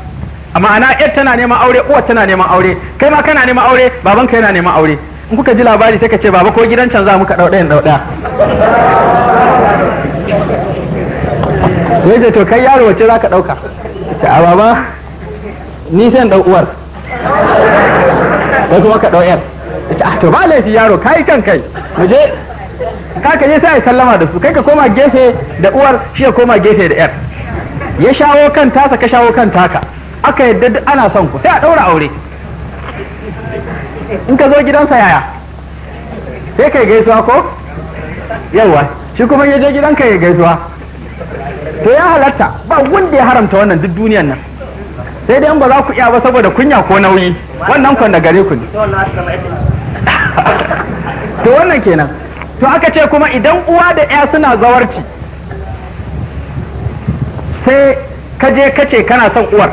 ma'ana yar tana neman aure uwar tana neman aure kai ma kana neman aure babanka yana neman aure in kuka ji labari sai ka ce baba ko gidan can za mu ka dau ɗayan dau ɗaya yace to kai yaro wace zaka dauka ta a baba ni sai dau uwar ko kuma ka dau yar ta ah, to ba laifi yaro kai kan kai mu je ka kaje sai ai sallama da su kai ka koma gefe da uwar shi ya koma gefe da yar ya shawo kan tasa ka shawo kan taka aka yadda ana son ku sai a ɗaura aure in ka zo gidansa yaya sai kai gaisuwa ko yawa shi kuma ya je gidanka ya gaisuwa to ya halatta ba wanda ya haramta wannan duk duniyan nan sai dai ba za ku iya ba saboda kunya ko nauyi wannan kwan da gare ku ne *laughs* to wannan kenan to aka ce kuma idan uwa da ya suna zawarci sai ka je kace kana son uwar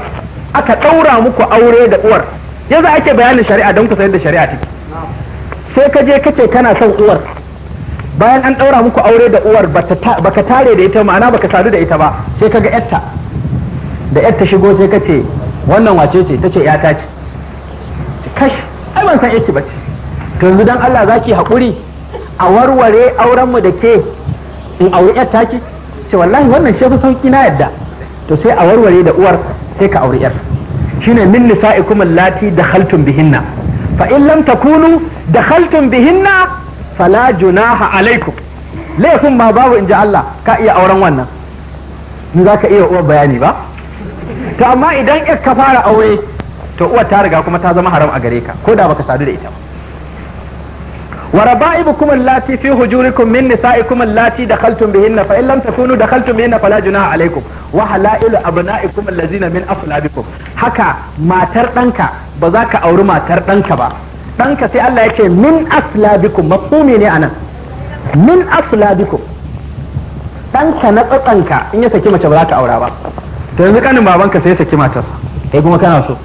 aka ɗaura muku aure da uwar yanzu ake bayanin shari'a don ku sayar da shari'a take sai ka je kace kana son uwar bayan an ɗaura muku aure da uwar baka tare da ita ma'ana baka sadu da ita ba sai ka ga yarta da yarta shigo sai ka ce wannan wace ce ya ta ce kash ai ban san yake ba ce to yanzu dan Allah zaki haƙuri a warware auren mu da ke in auri yarta ki ce wallahi wannan fa sauki na yadda to sai a warware da uwar sai ka auri yar shine min lati da dakhaltum bihinna fa in lam da dakhaltum bihinna fala junaha alaikum laifin ma babu in ji Allah ka iya auren wannan in za ka iya uwar bayani ba to amma idan ka fara aure to uwar ta riga kuma ta zama haram a gare ka ko da baka sadu da ita ba wa raba'ibukum allati fi hujurikum min nisa'ikum allati dakhaltum bihinna fa in lam takunu dakhaltum bihinna fala junaha alaikum wa halailu abna'ikum allazina min aflabikum haka matar danka ba za ka auri matar danka ba danka sai Allah yake min aslabikum mafhumi ne anan min aslabikum danka na tsatsanka in ya saki mace ba za ka aura ba to yanzu kanin babanka sai ya saki matarsa kai kuma kana so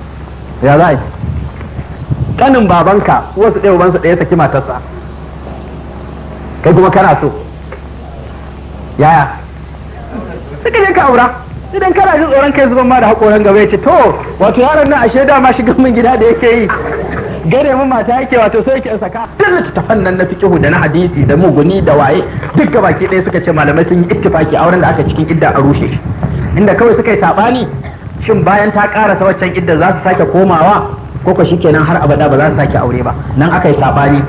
ya za a yi kanin babanka wasu ɗaya ubansa ɗaya saki matarsa kai kuma kana so yaya suka je ka aura idan kana jin tsoron kai zuban ma da haƙoran gaba ya ce to wato yaron nan ashe dama shi min gida da yake yi gare mun mata yake wato sai yake saka duk littattafan nan na fiqhu da na hadisi da muguni da waye duk gabaki ɗaya suka ce malamai sun yi ittifaki a wurin da aka cikin idda a rushe shi inda kawai suka yi sabani shin bayan ta karasa waccan idda za su sake komawa ko ko shikenan har abada ba za su sake aure ba nan aka yi sabani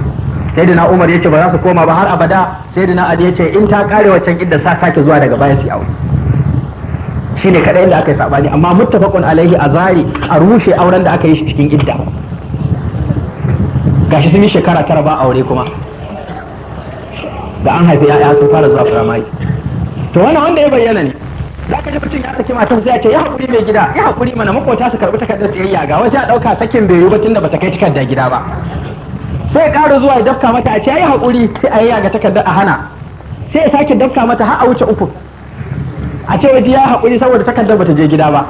Sai da na Umar ya ce ba za su koma ba har abada sai da na Ali ce in ta kare waccan inda sa sake zuwa daga baya su aure ne kadai inda aka yi sabani amma muttafaqun alaihi a zari a rushe auren da aka yi shi cikin idda gashi sun yi shekara tara ba aure kuma da an haifi ya'ya sun fara zuwa firamare to wannan wanda ya bayyana ne za ka ji mutum ya saki matan sai ce ya haƙuri mai gida ya haƙuri mana makota su karɓi takardar siyayya ga wasu ya ɗauka sakin bai yi ba tunda ba ta kai cikar da gida ba sai ƙara zuwa ya dafka mata a ce ai haƙuri sai a yi ga takardar a hana sai ya sake dafka mata har a wuce uku a ce waje ya haƙuri saboda takardar bata je gida ba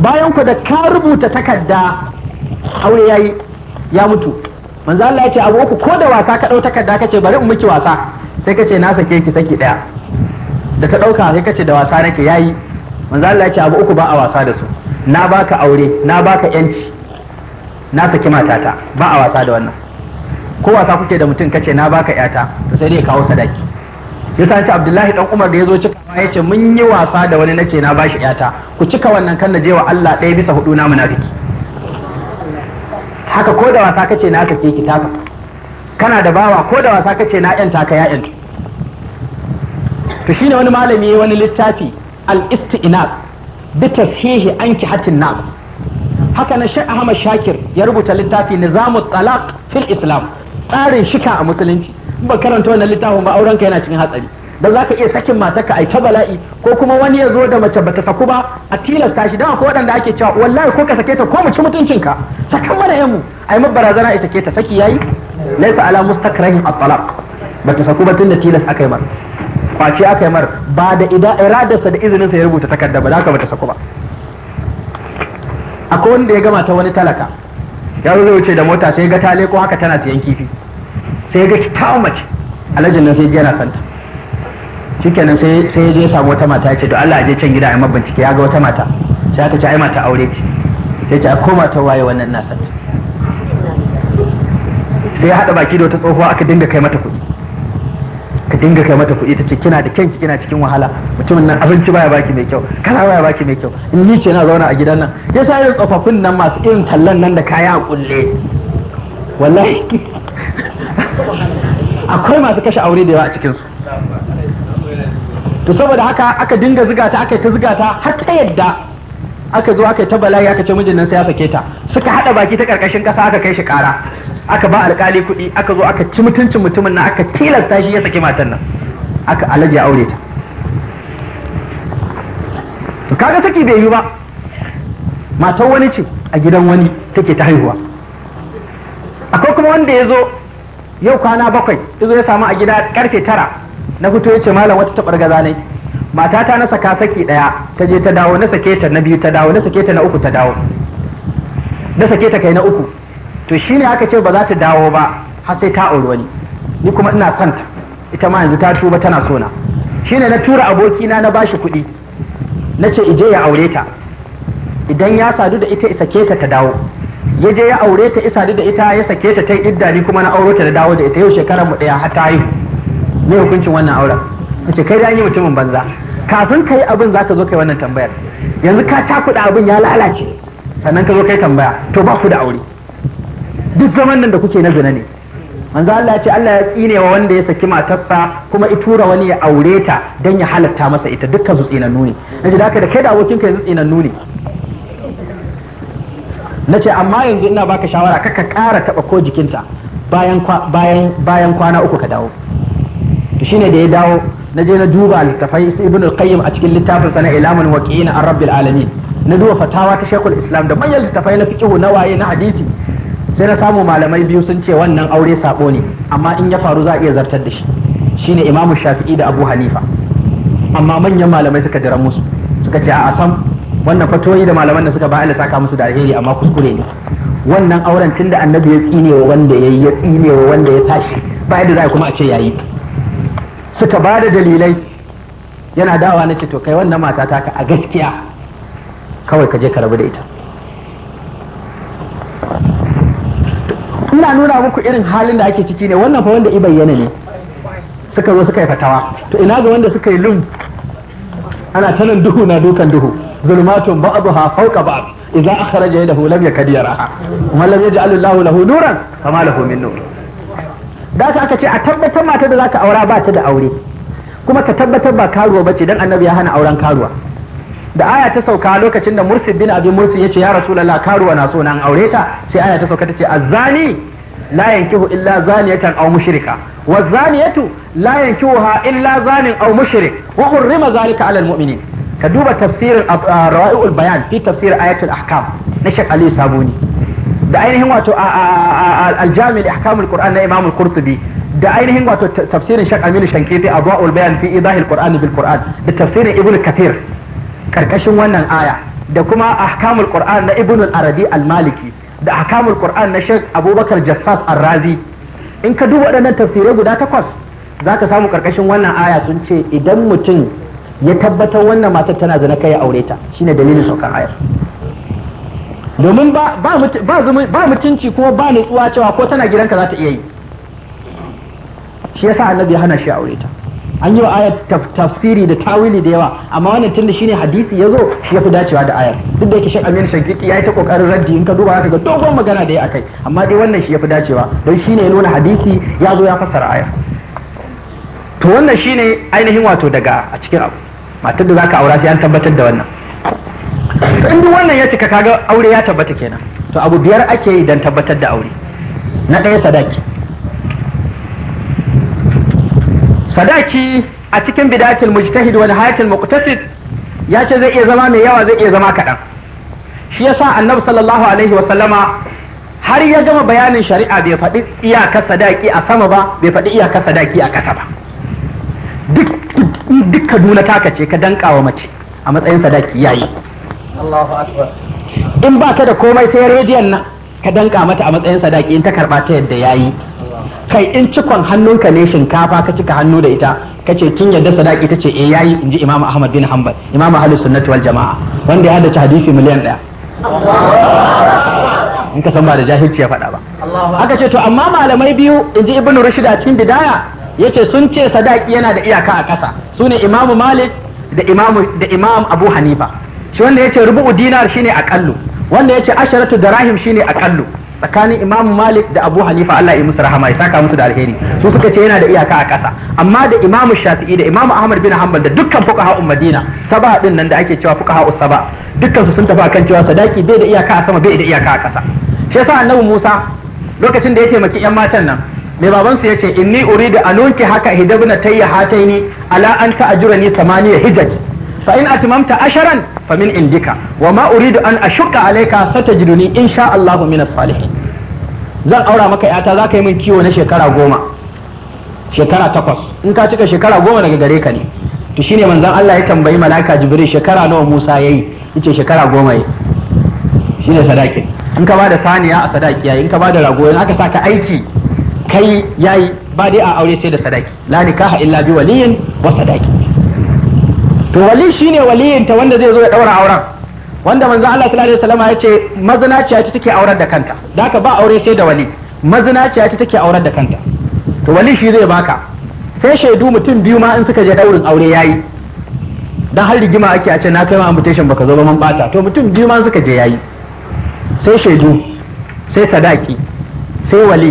bayan ku da ka rubuta takarda aure yayi ya mutu manzo Allah ya abu uku ko da wasa ka dau takarda kace bari in miki wasa sai kace na sake ki saki daya da ka dauka sai kace da wasa nake yayi manzo Allah ya ce abu uku ba a wasa da su na baka aure na baka yanci na saki matata ba a wasa da wannan ko wasa kuke da mutum kace na baka yata to sai dai kawo sadaki yasa ce Abdullahi dan Umar da yazo cikawa yace mun yi wasa da wani nace na bashi yata ku cika wannan kan naje wa Allah ɗaya bisa hudu na munafiki haka ko da wasa kace na sake ki taka kana da bawa ko da wasa kace na yan ka ya yan to shine wani malami wani littafi al-isti'nas bi tafhihi anki hatin nas haka na Sheikh Ahmad Shakir ya rubuta littafi Nizamu Talaq fil Islam tsarin shika a musulunci ba karanta wannan littafin ba aurenka yana cikin hatsari da za ka iya sakin matarka a ta bala'i ko kuma wani ya zo da mace bata saku ba a tilasta shi dama ko waɗanda ake cewa wallahi ko ka sake ta ko mu ci mutuncinka sakan mana yamu ai mu barazana ita ke ta saki yayi laysa ala mustakrahin at-talaq bata saku ba tunda tilas akai mar kwace akai mar ba da ida iradarsa da izininsa ya rubuta takarda ba za ka ta saku ba akwai wanda ya gama ta wani talaka ya zo wuce da mota sai ga ta leko haka tana siyan kifi sai ga ta mace alajin nan sai ya yana santa shikenan sai sai ya je samu wata mata ya ce to Allah ya je can gida a yi ya ga wata mata sai aka ce ai mata aure ce sai ce a koma ta waye wannan na santa sai ya haɗa baki da wata tsohuwa aka dinga kai mata kuɗi dinga kai mata kuɗi ta ce kina da kyanki kina cikin wahala mutumin nan abinci baya baki mai kyau kana baya baki mai kyau in ni ce na zauna a gidan nan ya sa irin tsofaffin nan masu irin tallan nan da kaya a kulle wallahi *laughs* akwai masu kashe aure da yawa a cikin su to saboda haka aka dinga ziga ta aka ta ziga ta har ta yadda aka zo aka ta bala'i aka ce mijin nan sai ya sake ta suka hada baki ta karkashin kasa aka kai shi kara aka ba alkali kuɗi aka zo aka ci mutuncin mutumin na aka tilasta shi ya saki matan nan aka alaje aure ta to kaga saki bai yi ba matar wani ce a gidan wani take ta haihuwa akwai kuma wanda ya zo yau kwana bakwai ya ya samu a gida karfe tara na fito ya ce malam wata taɓar gaza ne matata na saka saki ɗaya ta je ta dawo na sake ta na biyu ta dawo na sake ta na uku ta dawo na sake ta kai na uku to shi ne aka ce ba za ta dawo ba har sai ta auri wani ni kuma ina son ta ita ma yanzu ta tuba tana so sona ne na tura abokina na bashi kuɗi na ce ije ya aure ta idan ya sadu da ita isa keta ta dawo ya je ya aure ta isa da ita ya sake ta ta idda ni kuma na auro ta da dawo da ita yau shekarar mu daya har ta yi ne hukuncin wannan auren ce kai da yi mutumin banza kafin ka yi abin za ka zo kai wannan tambayar yanzu ka ta kuɗa abin ya lalace sannan ka zo kai tambaya to ba ku da aure duk zaman nan da kuke na zina ne manzo Allah ya ce Allah ya tsine wa wanda ya saki matarsa kuma ya tura wani ya aure ta dan ya halatta masa ita dukkan su tsinannu ne nace da da kai da abokin ka yanzu nuni. Na nace amma yanzu ina baka shawara kaka ƙara taba ko jikinta bayan bayan kwana uku ka dawo shine da ya dawo na je na duba littafai su ibnu qayyim a cikin littafin sana ilamul waqi'in ar rabbil alamin na duba fatawa ta shekul islam da manyan littafai na fiqh na waye na hadisi sai na samu malamai biyu sun ce wannan aure sabo ne amma in ya faru za a iya zartar da shi shine imamu shafi'i da abu hanifa amma manyan malamai suka jira musu suka ce a asam wannan fatoyi da malaman da suka ba Allah saka musu da alheri amma kuskure ne wannan auren tunda annabi ya tsine wa wanda ya ya tsine wanda ya tashi ba yadda za kuma a ce yayi suka ba da dalilai yana dawa na ce to kai wannan mata ka a gaskiya kawai ka je ka rabu da ita nuna muku irin halin da ake ciki ne wannan fa wanda i bayyana ne suka zo suka yi fatawa to ina ga wanda suka yi lum ana tanan duhu na dukan duhu zulmatun ba'daha fawqa ba'd idza akhraja yadahu lam yakad yaraha wa lam yaj'al lahu lahu nuran kama lahu min nur da ka aka ce a tabbatar mata da zaka aura ba ta da aure kuma ka tabbatar ba karuwa bace dan annabi ya hana auren karuwa da aya ta sauka lokacin da mursid bin abin mursid yace ya rasulullah karuwa na so nan aure ta sai aya ta sauka tace azani la yankihu illa zaniyatan aw wa zaniyatu la yankihuha zanin aw ka duba tafsirin uh, rawa'iul bayan fi tafsir ayatul ahkam na Sheikh Sabuni da ainihin wato al-jami' qur'an na Imam qurtubi da ainihin wato tafsirin Sheikh Aminu Shankiti Adwa'ul Bayan fi idahil Qur'an bil Qur'an da tafsirin Ibn Kathir karkashin wannan aya da kuma ahkamul Qur'an na Ibnu arabi al-Maliki da akamul qur'an na Sheikh Abubakar Jassas Ar-Razi in ka duba waɗannan tafsirai guda takwas zaka samu karkashin wannan aya sun ce idan mutum ya tabbatar wannan matar tana zina kai aureta aure ta shine dalilin saukan ayar domin ba mutunci kuma ba nutsuwa cewa ko tana gidanka za ta iya yi shi yasa annabi hana shi aure ta an yi wa ayar tafsiri da tawili da yawa amma wannan tunda shine hadisi ya zo shi ya fi dacewa da ayar duk da yake shan aminu shankiki ya yi ta kokarin raddi in ka duba ka ga dogon magana da ya akai amma dai wannan shi ya fi dacewa don shine ya nuna hadisi ya zo ya fassara ayar to wannan shine ainihin wato daga a cikin abu matar da zaka aura sai an tabbatar da wannan in duk wannan ya cika kaga aure ya tabbata kenan to abu biyar ake yi dan tabbatar da aure na ɗaya sadaki sadaki a cikin bidatul mujtahid wal hayatul muqtasid ya ce zai iya zama mai yawa zai iya zama kaɗan shi yasa annabi sallallahu alaihi wa sallama har ya gama bayanin shari'a bai faɗi iyakar sadaki a sama ba bai faɗi iyakar sadaki a ƙasa ba duk kaduna taka ce ka danka mace a matsayin sadaki yayi in ba ka da komai sai rediyon nan ka danka mata a matsayin sadaki in ta karɓa ta yadda yayi kai in cikon hannunka ne shinkafa ka cika hannu da ita ka ce tun yadda sadaki tace eh yayi ji Imam Ahmad bin Hanbal Imam Ahlus Sunnah wal Jamaa wanda ya haddace hadisi miliyan ɗaya. in ka san ba da jahilci ya faɗa ba aka ce to amma malamai biyu inji Ibn Rushd a cikin bidaya yace sun ce sadaki yana da iyaka a kasa sune Imam Malik da Imam da Imam Abu Hanifa shi wanda yace rubu'u dinar shine aƙallu wanda yace asharatu darahim shine akallu tsakanin Imam Malik da Abu Hanifa Allah ya musu rahama ya saka musu da alheri su suka ce yana da iyaka a ƙasa amma da Imam Shafi'i da Imam Ahmad bin Hanbal da dukkan fuqaha'un Madina saba din nan da ake cewa fuqaha'us saba dukkan su sun tafi akan cewa sadaki bai da iyaka a sama bai da iyaka a ƙasa shi yasa Annabi Musa lokacin da ya taimaki yan matan nan mai babansu ya ce inni uridu anunki haka hidabna tayya hataini ala an ni samaniya hijaji fa in atmamta asharan fa min indika wa ma uridu an ashqa alayka satajiduni insha Allahu min as-salihin zan aura maka yata zaka yi min kiwo na shekara goma shekara takwas in ka cika shekara goma daga gare ka ne to shine manzon Allah ya tambayi mala'ika jibril shekara nawa Musa yayi yace shekara goma yayi shine sadakin in ka bada saniya a sadaki yayi in ka bada rago in aka saka aiki kai yayi ba dai a aure sai da sadaki la nikaha illa bi waliyin wa sadaki to wali shi shine waliyinta wanda zai zo ya daura auren wanda manzo Allah sallallahu alaihi wasallam ya ce mazinaciya ta take aurar da kanta da ka ba aure sai da wali mazinaciya ta take aurar da kanta to wali shi zai baka sai shaidu mutum biyu ma in suka je daurin aure yayi dan har rigima ake a ce na kai ma invitation baka zo ba man bata to mutum biyu ma suka je yayi sai shaidu sai sadaki sai wali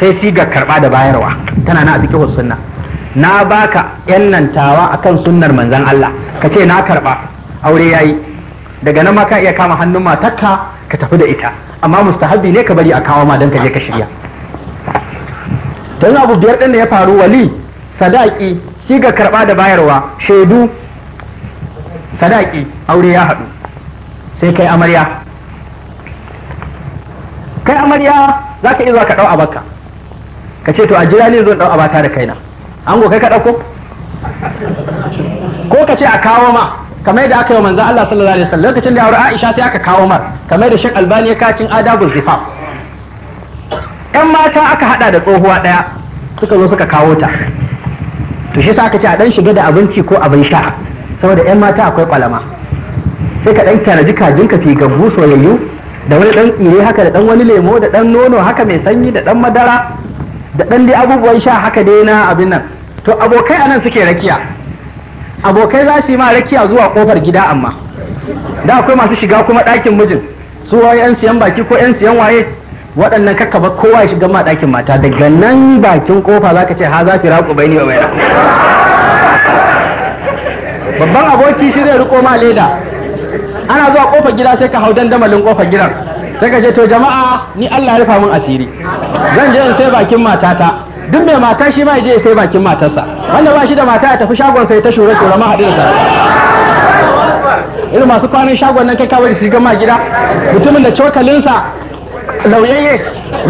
sai siga karba da bayarwa tana na a cikin sunna na baka yan nan tawa akan sunnar manzon Allah ka ce na karba aure yayi daga nan ma ka iya kama hannun matarka ka tafi da ita amma mustahabi ne ka bari a kawo ma dan ka je ka shirya dan abu biyar din da ya faru wali sadaki shi ga karba da bayarwa shaidu sadaki aure ya haɗu sai kai amarya kai amarya za ka iya zuwa ka ɗau a ka ce to a jira ne zo ɗau abata da kaina ango kai ka ɗauko ko ka ce a kawo ma kamar yadda aka yi manzo Allah sallallahu alaihi wasallam lokacin da aure Aisha sai aka kawo mar kamar da Sheikh Albani ya kacin adabul zifaf ɗan mata aka hada da tsohuwa ɗaya suka zo suka kawo ta to shi sa aka ce a dan shiga da abinci ko abin sha saboda ɗan mata akwai kwalama sai ka dan kyanaji kajin ka gabbu soyayyu da wani dan tsire haka da dan wani lemo da dan nono haka mai sanyi da dan madara da dan dai abubuwan sha haka dai na abin nan to abokai anan suke rakiya abokai za su yi ma rakiya zuwa kofar gida amma da akwai masu shiga kuma ɗakin mijin su waye yan siyan baki ko yan siyan waye waɗannan kakka ba kowa ya shiga ma ɗakin mata daga nan bakin kofa za ka ce ha za fi raƙo bai ne bai babban aboki shi zai riko ma leda ana zuwa kofar gida sai ka hau dandamalin kofar gidan sai ka ce to jama'a ni Allah ya rufa mun asiri zan je in sai bakin matata duk mai mata shi ma ya je ya kai bakin matarsa wanda ba shi da mata ya tafi shagon sai ta shure shura ma hadin sa irin masu kwanan shagon nan kai kawai su gama gida mutumin da cokalinsa lauyayye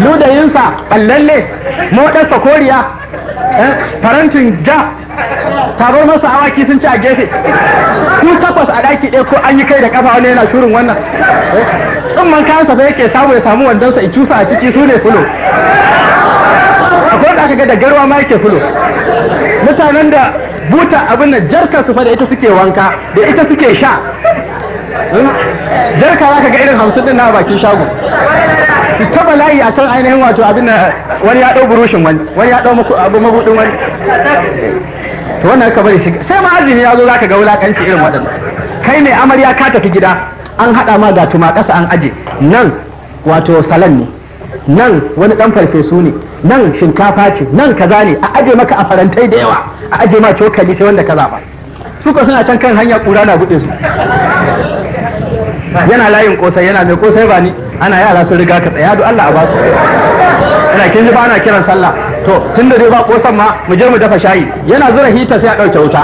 ludayinsa ballalle sa koriya eh, farantin ga, tabar masa awaki sun ci a gefe ku takwas a daki ɗaya ko an yi kai da kafa wani yana shurin wannan eh, in man kayansa fa yake samu ya samu wandonsa cusa a ciki su ne fulo da aka ga da garwa ma yake fulo mutanen da buta abin da jarka su fa da ita suke wanka da ita suke sha hmm? jarka za ka ga irin hamsin din na bakin shago su taba layi a kan ainihin wato abin da wani ya ɗau burushin wani wani ya ɗau abu mabuɗin wani to wannan ka bari sai ma azumi ya zo za ka ga wulaƙanci irin waɗanda kai mai amarya ka tafi gida an haɗa ma ga tuma ƙasa an aje nan wato salon ne nan wani dan farfesu ne nan shinkafa ce nan kaza ne a aje maka a farantai da yawa a aje ma cokali sai wanda ka zaba su suna can kan hanya kura na gude su yana layin kosai yana mai kosai ba ni ana yara sun riga ka tsaya Allah a basu ina kin ji ana kiran sallah to tun dai ba kosan ma mu je mu dafa shayi yana zura hita sai a ɗauke wuta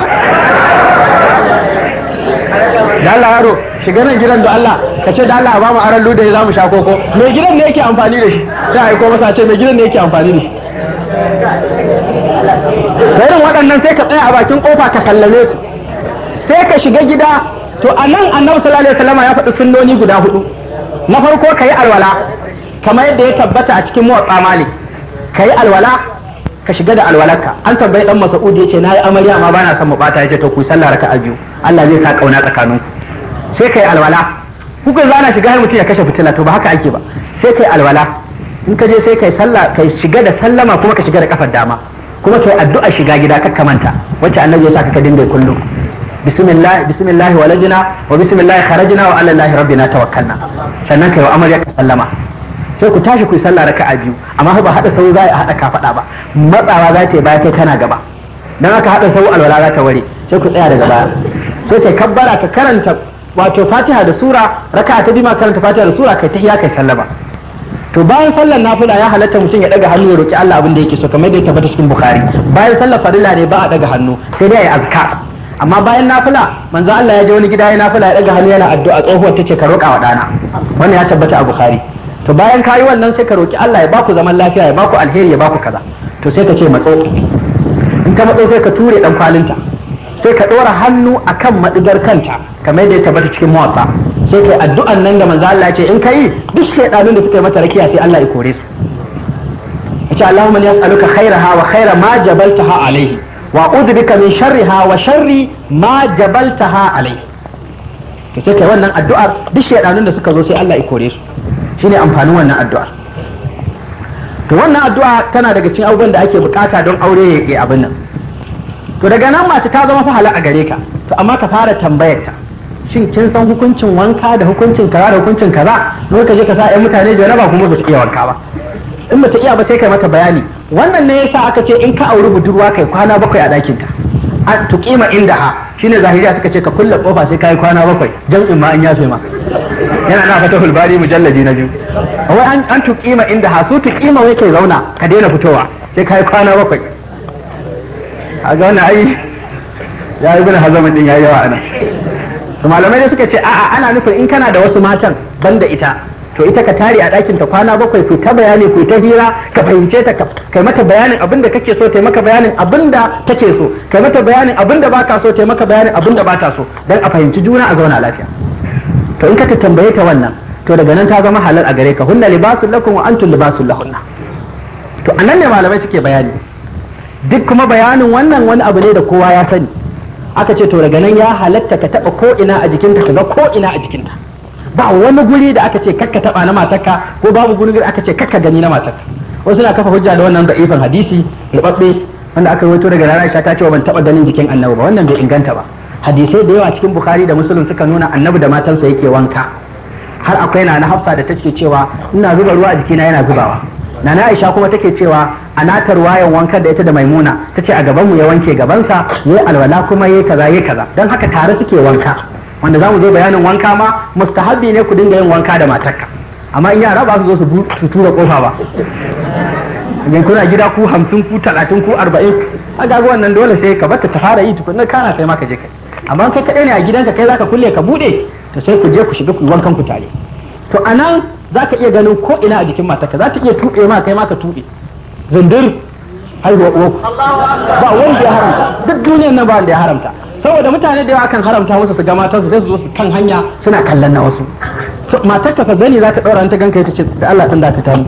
da Allah yaro shiga nan gidan da Allah ka ce da Allah ba mu aran lude za mu sha koko mai gidan ne yake amfani da shi sai ko masa ce mai gidan ne yake amfani da shi irin waɗannan sai ka tsaya a bakin kofa ka kallame su sai ka shiga gida to a nan annabi sallallahu alaihi wasallam ya faɗi sunnoni guda hudu na farko ka alwala kamar yadda ya tabbata a cikin muwatsa mali ka alwala ka shiga da alwalarka an tambayi dan masa'udi ya ce na yi amarya amma bana son mu bata ya to ku sallah raka'a biyu Allah zai sa kauna tsakaninku sai kai alwala kuka zana shiga har mutum ya kashe fitila to ba haka ake ba sai kai alwala in ka je sai kai sallah kai shiga da sallama kuma ka shiga da kafar dama kuma kai addu'a shiga gida kakka manta wacce annabi ya saka ka dinga kullum bismillah bismillah walajna wa bismillah kharajna wa alallahi rabbina tawakkalna sannan kai wa amarya ka sallama sai ku tashi ku yi sallah raka'a biyu amma ba hada sau za a hada kafada ba matsawa za ta yi baya kai tana gaba dan haka hada sau alwala za ta ware sai ku tsaya daga baya sai kai kabbara ka karanta wato fatiha da sura Raka ta bima karanta fatiha da sura kai tahiyya kai sallama to bayan sallar nafila ya halatta mutum ya daga hannu ya roki Allah abin da yake so kamar da ya tabbata cikin bukhari bayan sallar farilla ne ba a daga hannu sai dai ya azka amma bayan nafila manzo Allah ya je wani gida ya nafila ya daga hannu yana addu'a tsohuwar tace ka roka wa dana wannan ya tabbata a bukhari to bayan kayi wannan sai ka roki Allah ya baku zaman lafiya ya baku alheri ya baku kaza to sai ka ce matso in ka matso sai ka ture dan kwalinta sai ka ɗora hannu akan maɗigar kanta kamar yadda ya tabbata cikin mawasa sai kai addu'an nan da manzo Allah ya ce in ka yi duk shaidanun da suka yi mata rakiya sai Allah ya kore su ce Allahumma ni as'aluka khairaha wa khaira ma jabaltaha alayhi wa a'udhu bika min sharriha wa sharri ma jabaltaha alayhi ce kai wannan addu'ar duk shaidanun da suka zo sai Allah ya kore su shine amfanin wannan addu'ar to wannan addu'a tana daga cikin abubuwan da ake bukata don aure ya abin nan to daga nan mace ta zama fahala a gare ka to amma ka fara tambayar ta shin kin san hukuncin wanka da hukuncin kaza da hukuncin kaza mun ka je ka sa ƴan mutane jaraba kuma ba su iya wanka ba in ba iya ba sai kai mata bayani wannan ne yasa aka ce in ka auri budurwa kai kwana bakwai a ɗakin ta a tuƙima inda ha shine zahiriya suka ce ka kulle kofa sai kai kwana bakwai jam'in ma an ya ma yana na fatahul bari mujalladi na biyu wai an tuƙima inda ha su tuƙima wai ke zauna ka daina fitowa sai kai kwana bakwai a ga wannan ai ya yi bin hazamin din ya yawa ana su malamai ne suka ce a'a ana nufin in kana da wasu matan banda ita to ita ka tare a ɗakin ta kwana bakwai ku ta bayani ku ta hira ka fahimce ta kai mata bayanin abin da kake so ta maka bayanin abin da take so kai mata bayanin abin da baka so ta maka bayanin abin da baka so dan a fahimci juna a zauna lafiya to in ka ta tambaye ta wannan to daga nan ta zama halal a gare ka hunna libasul lakum wa antum libasul lahunna to anan ne malamai suke bayani duk kuma bayanin wannan wani abu ne da kowa ya sani aka ce to daga nan ya halatta ka taba ko ina a jikinta ka ga ko ina a jikinta ba wani guri da aka ce kakka taba na matarka ko babu guri da aka ce kakka gani na matarka wasu na kafa hujja da wannan da'ifan hadisi rubabbe wanda aka rawaito daga rana Aisha ta ce ban taba ganin jikin Annabi ba wannan bai inganta ba hadisai da yawa cikin Bukhari da Muslim suka nuna Annabi da matarsa yake wanka har akwai na na Hafsa da ta ce cewa ina zuba ruwa a jikina yana zubawa nana aisha kuma take cewa a natar wayan wankan da ita da maimuna tace a gaban mu ya wanke gabansa yayi alwala kuma yayi kaza yayi kaza dan haka tare suke wanka wanda zamu zo bayanin wanka ma mustahabi ne ku dinga yin wanka da matarka amma in yara ba su zo su su tura kofa ba idan kuna gida ku hamsin ku talatin ku arba'in a ga wannan dole sai ka bata ta fara yi tukunna kana sai ma ka je kai amma kai kaɗai ne a gidanka kai zaka kulle ka bude to sai ku je ku shiga ku wankan ku tare to a nan za ka iya ganin ko ina a jikin matarka ka iya tuɓe ma kai ma ka tuɓe zindir haihuwa uwaku ba wanda ya haramta duk duniyar nan ba wanda ya haramta saboda mutane da yawa kan haramta musu su ga matarsu sai su zo su kan hanya suna kallon na wasu matar ka zani za ta ɗaura ta ganka ita ce da Allah tun da ta tamu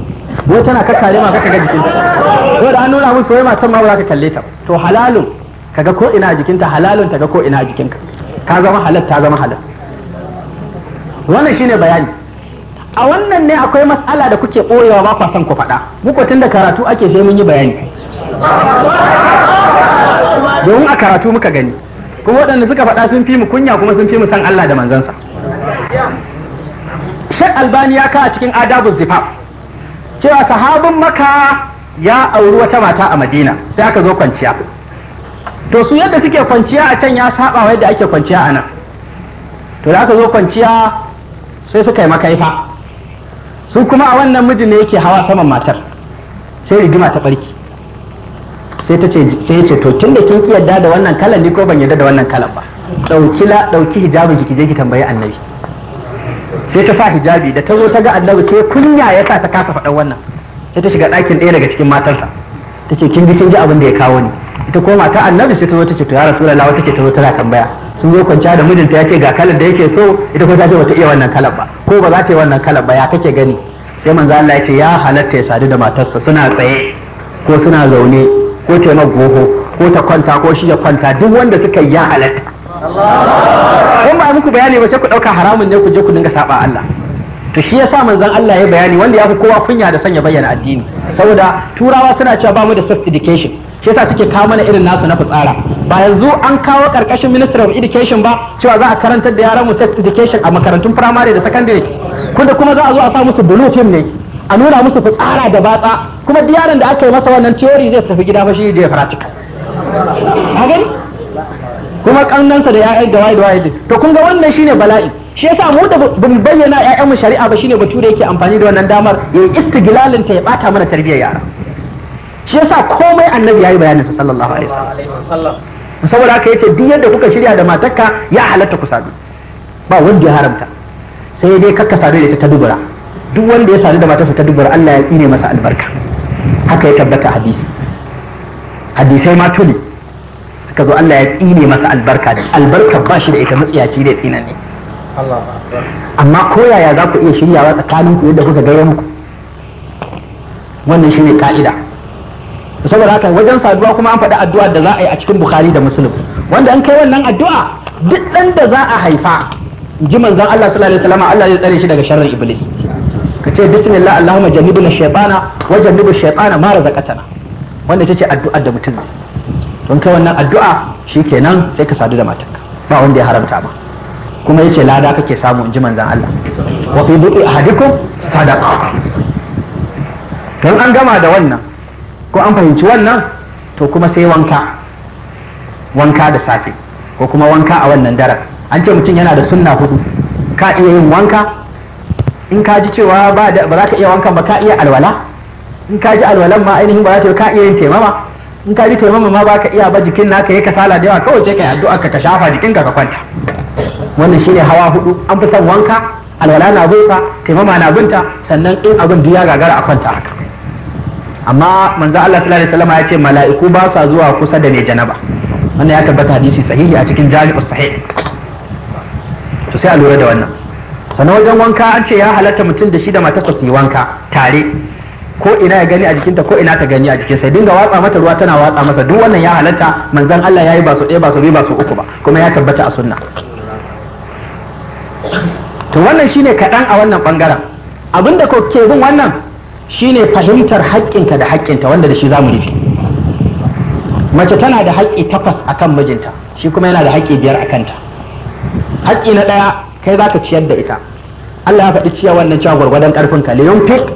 wai tana ka kare ma kaka ga jikinta ko da an nuna musu wai matar ma ba za ka kalle ta to halalun kaga ko ina a jikinta halalun ta ga ko ina a jikinka ka zama halal ta zama halal wannan shine bayani a wannan ne akwai matsala da kuke ɓoyewa ba kwa son ku faɗa muku tun da karatu ake sai mun yi bayani domin a karatu muka gani kuma waɗanda suka faɗa sun fi mu kunya kuma sun fi mu san Allah da manzansa shek Albani ya ka a cikin adabu zifaf cewa sahabin maka ya auri wata mata a Madina sai aka zo kwanciya to su yadda suke kwanciya a can ya saba wa yadda ake kwanciya a nan to da aka zo kwanciya sai suka yi makaifa su kuma a wannan mijin ne yake hawa saman matar sai rigima ta barki sai ta ce sai ce to tunda kin ki yadda da wannan kalan ni ko ban yadda da wannan kalan ba dauki la dauki hijabi ki je ki tambayi annabi sai ta sa hijabi da ta zo ta ga annabi sai kunya ya sa ta kasa faɗan wannan sai ta shiga ɗakin ɗaya daga cikin matarsa ta ce kin ji kin ji abin da ya kawo ni ita ko mata annabi sai ta zo ta ce to ya rasulullahi wata ce ta zo tana tambaya sun zo kwanciya da mijinta ya ce ga kalar da yake so ita kuma ta ce ta iya wannan kalar ba ko ba za ta yi wannan kalar ba ya kake gani sai manzo Allah ya ce ya halatta ya sadu da matarsa suna tsaye ko suna zaune ko ta mai goho ko ta kwanta ko shi ya kwanta duk wanda suka yi ya halatta in ba muku bayani ba sai ku dauka haramun ne ku je ku dinga saba Allah to shi yasa manzon Allah ya bayani wanda ya fi kowa kunya da sanya bayyana addini saboda turawa suna cewa ba mu da sophistication shi yasa suke kawo mana irin nasu na fitsara ba yanzu an kawo karkashin ministry of education ba cewa za a karantar da yaran mu sex education a makarantun primary da secondary kunda kuma za a zo a sa musu blue film ne a nuna musu fitsara da batsa kuma diyaran da aka yi masa wannan theory zai tafi gida shi da ya practical kuma kannansa da ya'yan da da to kun ga wannan shine bala'i shi yasa mu da bin bayyana ƴaƴan mu shari'a ba shine bature yake amfani da wannan damar ya istiglalin ta ya bata mana tarbiyyar yara shi yasa komai annabi yayi bayanin sa sallallahu alaihi wasallam saboda haka yace duk yadda kuka shirya da matarka ya halatta ku sadu ba wanda ya haramta sai dai kakka sadu da ta dubura duk wanda ya sadu da matarsa ta dubura Allah ya tsine masa albarka haka ya tabbata hadisi hadisai ma tuli haka zo Allah ya tsine masa albarka da albarka ba shi da ita matsiyaci da tsina ne amma koyaya za ku iya shiryawa tsakaninku yadda kuka gaira muku wannan shine ka'ida saboda haka wajen saduwa kuma an faɗi addu'a da za a yi a cikin bukhari da muslim wanda an kai wannan addu'a duk ɗan da za a haifa ji manzon Allah sallallahu alaihi wasallam Allah zai tsare shi daga sharrin iblis ka ce bismillah allahumma jannibna shaytana wa jannibu shaytana ma razaqtana wanda tace addu'a da mutum don kai wannan addu'a shikenan sai ka sadu da matarka ba wanda ya haramta ba kuma yace lada kake samu in ji manzon Allah wa fi du'i ahadikum sadaqa don an gama da wannan ko an fahimci wannan to kuma sai wanka wanka da safe ko kuma wanka a wannan daren an ce mutum yana da sunna hudu ka iya yin wanka in ka ji cewa ba za ka iya wankan ba ka iya alwala in ka ji alwalan ma ainihin ba za ta ka iya yin taimama in ka ji taimama ma ba ka iya ba jikin naka yi kasala da yawa kawai ce ka yi addu'a ka shafa jikinka ka kwanta wannan shine hawa hudu an fi son wanka alwala na bunta taimama na bunta sannan in abin duk ya gagara a kwanta haka amma manzo Allah sallallahu alaihi wasallam ya ce mala'iku ba sa zuwa kusa da ne janaba wannan ya tabbata hadisi sahihi a cikin jami'u sahih to sai a lura da wannan sannan wajen wanka an ce ya halatta mutum da shi da matarsa su yi wanka tare ko ina ya gani a jikinta ko ina ta gani a jikin sai dinga watsa mata ruwa tana watsa masa duk wannan ya halatta manzon Allah yayi ba su ɗaya ba su biyu ba su uku ba kuma ya tabbata a sunna to wannan shine kaɗan a wannan bangaren abinda ko ke bin wannan shine fahimtar haƙƙinka da haƙƙinta wanda da shi za mu nufi mace tana da haƙƙi takwas akan mijinta shi kuma yana da haƙƙi biyar a kanta haƙƙi na ɗaya kai za ka ciyar da ita Allah ya faɗi ciya wannan cewa gwargwadon ƙarfin ka liyun tuk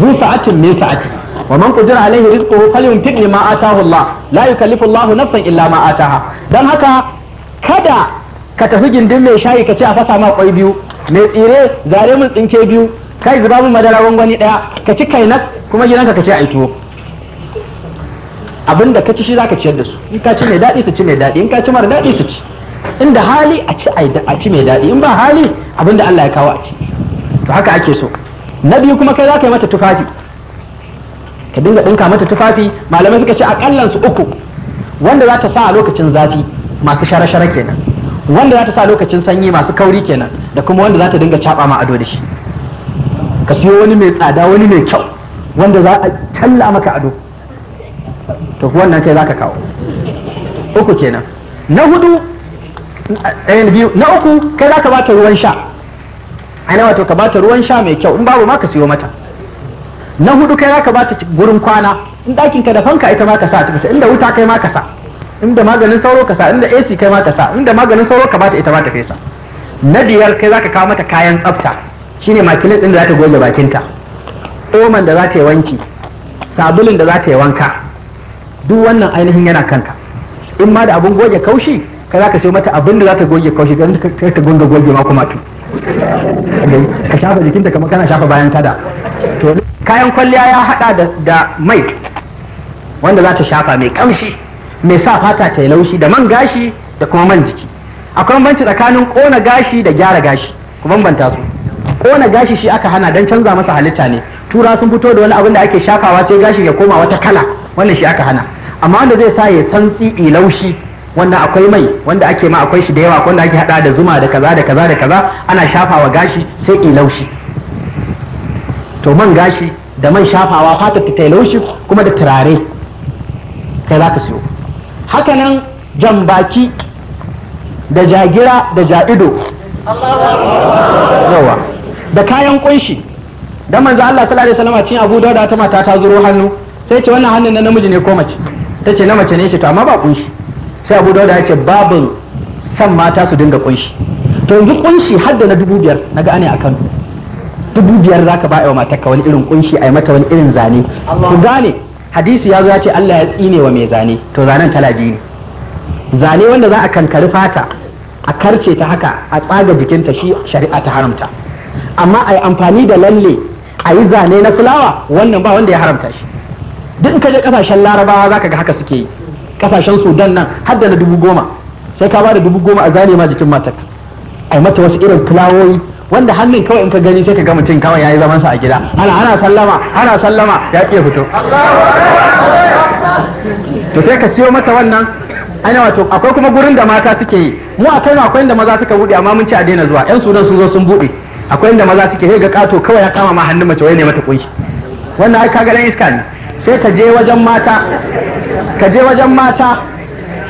zu sa'atin min sa'ati wa man qudira alaihi rizquhu falyunfiq mimma ataahu Allah la yukallifu Allah nafsan illa ma ataha dan haka kada ka tafi gindin mai shayi ka ce a fasa ma kwai biyu mai tsire zare mun tsinke biyu kai zuba mun madara gwangwani daya ka ci kai na kuma gidanka ka ce ai tuwo abinda ka ci shi zaka ciyar da su in ka ci mai daɗi su ci mai daɗi in ka ci mara daɗi su ci inda hali a ci a ci mai daɗi in ba hali abinda Allah ya kawo a ci to haka ake so na biyu kuma kai zaka yi mata tufafi ka dinga dinka mata tufafi malamai suka ce a su uku wanda za ta sa a lokacin zafi masu shara-shara kenan wanda za ta sa lokacin sanyi masu kauri kenan da kuma wanda za ta dinga caba ma ado da shi ka siyo wani mai tsada wani mai kyau wanda za a talla maka ado to wannan kai zaka kawo uku kenan na hudu ɗayan eh, biyu na uku kai zaka bata ruwan sha ana wato ka bata ruwan sha mai kyau in babu ma ka siyo mata na hudu kai zaka bata gurin kwana in ɗakin ka da fanka ita ma ka sa ta inda wuta kai ma ka sa inda maganin sauro ka sa inda AC kai ma ka sa inda maganin sauro ka bata ita ma ta fesa na biyar kai zaka kawo mata kayan tsafta shine makilin ɗin da za ta goge bakinta oman da za ta yi wanki sabulin da za ta yi wanka duk wannan ainihin yana kanka in ma da abin goge kaushi ka za ka sai mata abin da za ta goge kaushi don ta gunga goge ma kuma tu ka shafa jikinta kamar kana shafa bayan tada to kayan kwalliya ya haɗa da mai wanda za ta shafa mai kamshi mai sa fata ta yi laushi da man gashi da kuma man jiki akwai banci tsakanin kona gashi da gyara gashi ku bambanta su kona gashi shi aka hana dan canza masa halitta ne tura sun fito da wani abin da ake shafawa sai gashi ya koma wata kala wannan shi aka hana amma wanda zai sa ya santsi ilaushi wanda akwai mai wanda ake ma akwai shi da yawa wanda ake hada da zuma da kaza da kaza da kaza ana shafawa gashi sai ilaushi to man gashi da man shafawa fata ta tai kuma da turare kai za ka siyo hakanan jambaki da jagira da ja'ido yawa da kayan kunshi dan manzo Allah sallallahu alaihi wasallam a Abu Dawud ta mata ta zuro hannu sai ce wannan hannun na namiji ne ko mace tace na mace ne ce to amma ba kunshi sai Abu Dawud ya ce babu san mata su dinga kunshi to yanzu kunshi har da na dubu biyar na ga a Kano dubu biyar zaka ba mata ka wani irin kunshi ai mata wani irin zane ku gane hadisi ya zo ya ce Allah ya tsine wa mai zane to zanen tala ne zane wanda za a kankari fata a karce ta haka a tsaga jikinta shi shari'a ta haramta amma a yi amfani da lalle a yi zane na fulawa wannan ba wanda ya haramta shi duk in ka je kasashen larabawa zaka ga haka suke yi kasashen sudan nan har da na dubu goma sai ka bada dubu goma a zane ma jikin matar yi mata wasu irin fulawoyi wanda hannun kawai in ka gani sai ka ga mutum kawai yi zaman sa a gida ana ana sallama ana sallama ya ke fito to sai ka siyo mata wannan ana wato akwai kuma gurin da mata suke yi mu a kai akwai da maza suka bude amma mun ci a daina zuwa yan sudan sun zo sun bude akwai inda maza suke sai ga kato kawai ya kama ma hannun mace wai ne mata kunshi wannan ai kaga dan iska ne sai ka je wajen mata ka je wajen mata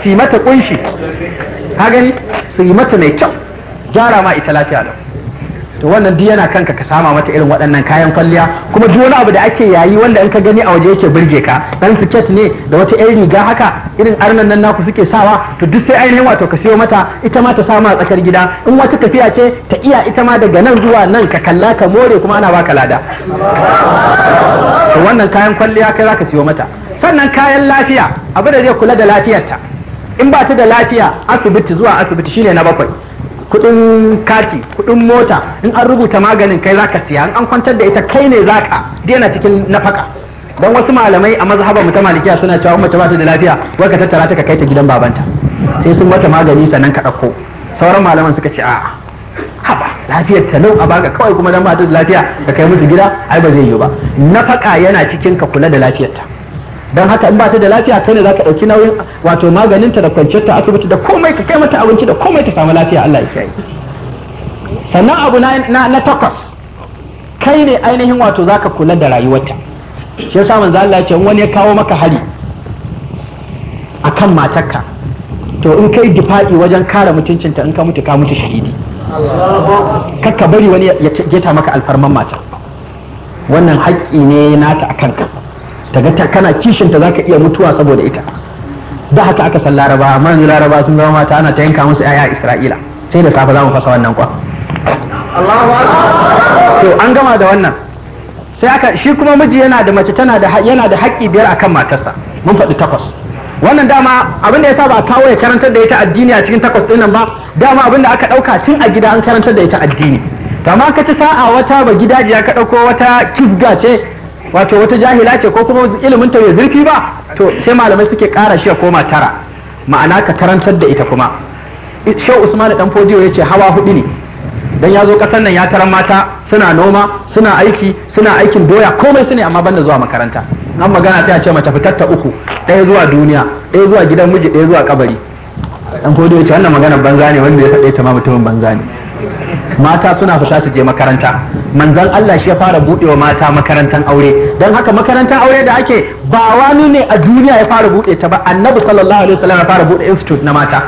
su mata kunshi ka gani su yi mata mai kyau gyara ma ita lafiya lau to wannan duk yana kanka ka sama mata irin waɗannan kayan kwalliya kuma duk wani abu da ake yayi wanda in ka gani a waje yake burge ka dan siket ne da wata yan riga haka irin arnan nan naku suke sawa to duk sai ainihin wato ka siyo mata ita ma ta sama a tsakar gida in wata tafiya ce ta iya ita ma daga nan zuwa nan ka kalla ka more kuma ana baka lada to wannan kayan kwalliya kai zaka siyo mata sannan kayan lafiya abu da zai kula da lafiyarta in ba ta da lafiya asibiti zuwa asibiti shine na bakwai kudin kati kudin mota in an rubuta maganin kai zaka siya in an kwantar da ita kai ne zaka daina cikin nafaka don wasu malamai a mazhaba mu ta malikiya suna cewa mace ba ta da lafiya wai ka tattara ta ka kai ta gidan babanta sai sun mata magani sannan ka ɗauko sauran malaman suka ce a'a haba lafiyar ta lau a baka kawai kuma dan ba ta da lafiya ka kai musu gida ai ba zai yiwu ba nafaka yana cikin ka kula da lafiyarta don haka in ba ta da lafiya kai ne za ka ɗauki nauyin wato maganinta da kwanciyar ta asibiti da komai ka kai mata abinci da komai ta samu lafiya Allah ya kiyaye sannan abu na na takwas kai ne ainihin wato za ka kula da rayuwarta shi yasa manzo Allah ya ce wani ya kawo maka hari akan matarka to in kai difa'i wajen kare mutuncinta in ka mutu ka mutu shahidi kakka bari wani ya geta maka alfarman mata wannan haƙƙi ne nata akan ka ta ga ta kana kishin ta zaka iya mutuwa saboda ita da haka aka san laraba amma yanzu laraba sun zama mata ana ta yanka musu yaya isra'ila sai da safe za mu fasa wannan kwa to an gama da wannan sai aka shi kuma miji yana da mace tana da yana da haƙƙi biyar akan matarsa mun faɗi takwas wannan dama abin da yasa ba a kawo ya karantar da ita addini a cikin takwas ɗin ba dama abin da aka ɗauka tun a gida an karantar da ita addini amma ka ci sa'a wata ba gidaje ka ɗauko wata kisga ce wato wata jahila ce ko kuma ilimin ta bai zurfi ba to sai malamai suke ƙara shi ya koma tara ma'ana ka karantar da ita kuma shehu usman dan fodiyo yace hawa hudu ne dan ya zo nan ya taran mata suna noma suna aiki suna aikin doya komai su ne amma banda zuwa makaranta an magana sai a ce mace fitar ta uku ɗaya zuwa duniya ɗaya zuwa gidan miji ɗaya zuwa kabari dan fodiyo yace wannan maganar banza ne wanda ya faɗe ta ma mutumin banza ne mata suna fita su je makaranta manzan Allah shi ya fara wa mata makarantar aure don haka makarantar aure da ake ba wani ne a duniya ya fara buɗe ta ba annabi sallallahu alaihi wasallam ya fara buɗe institute na mata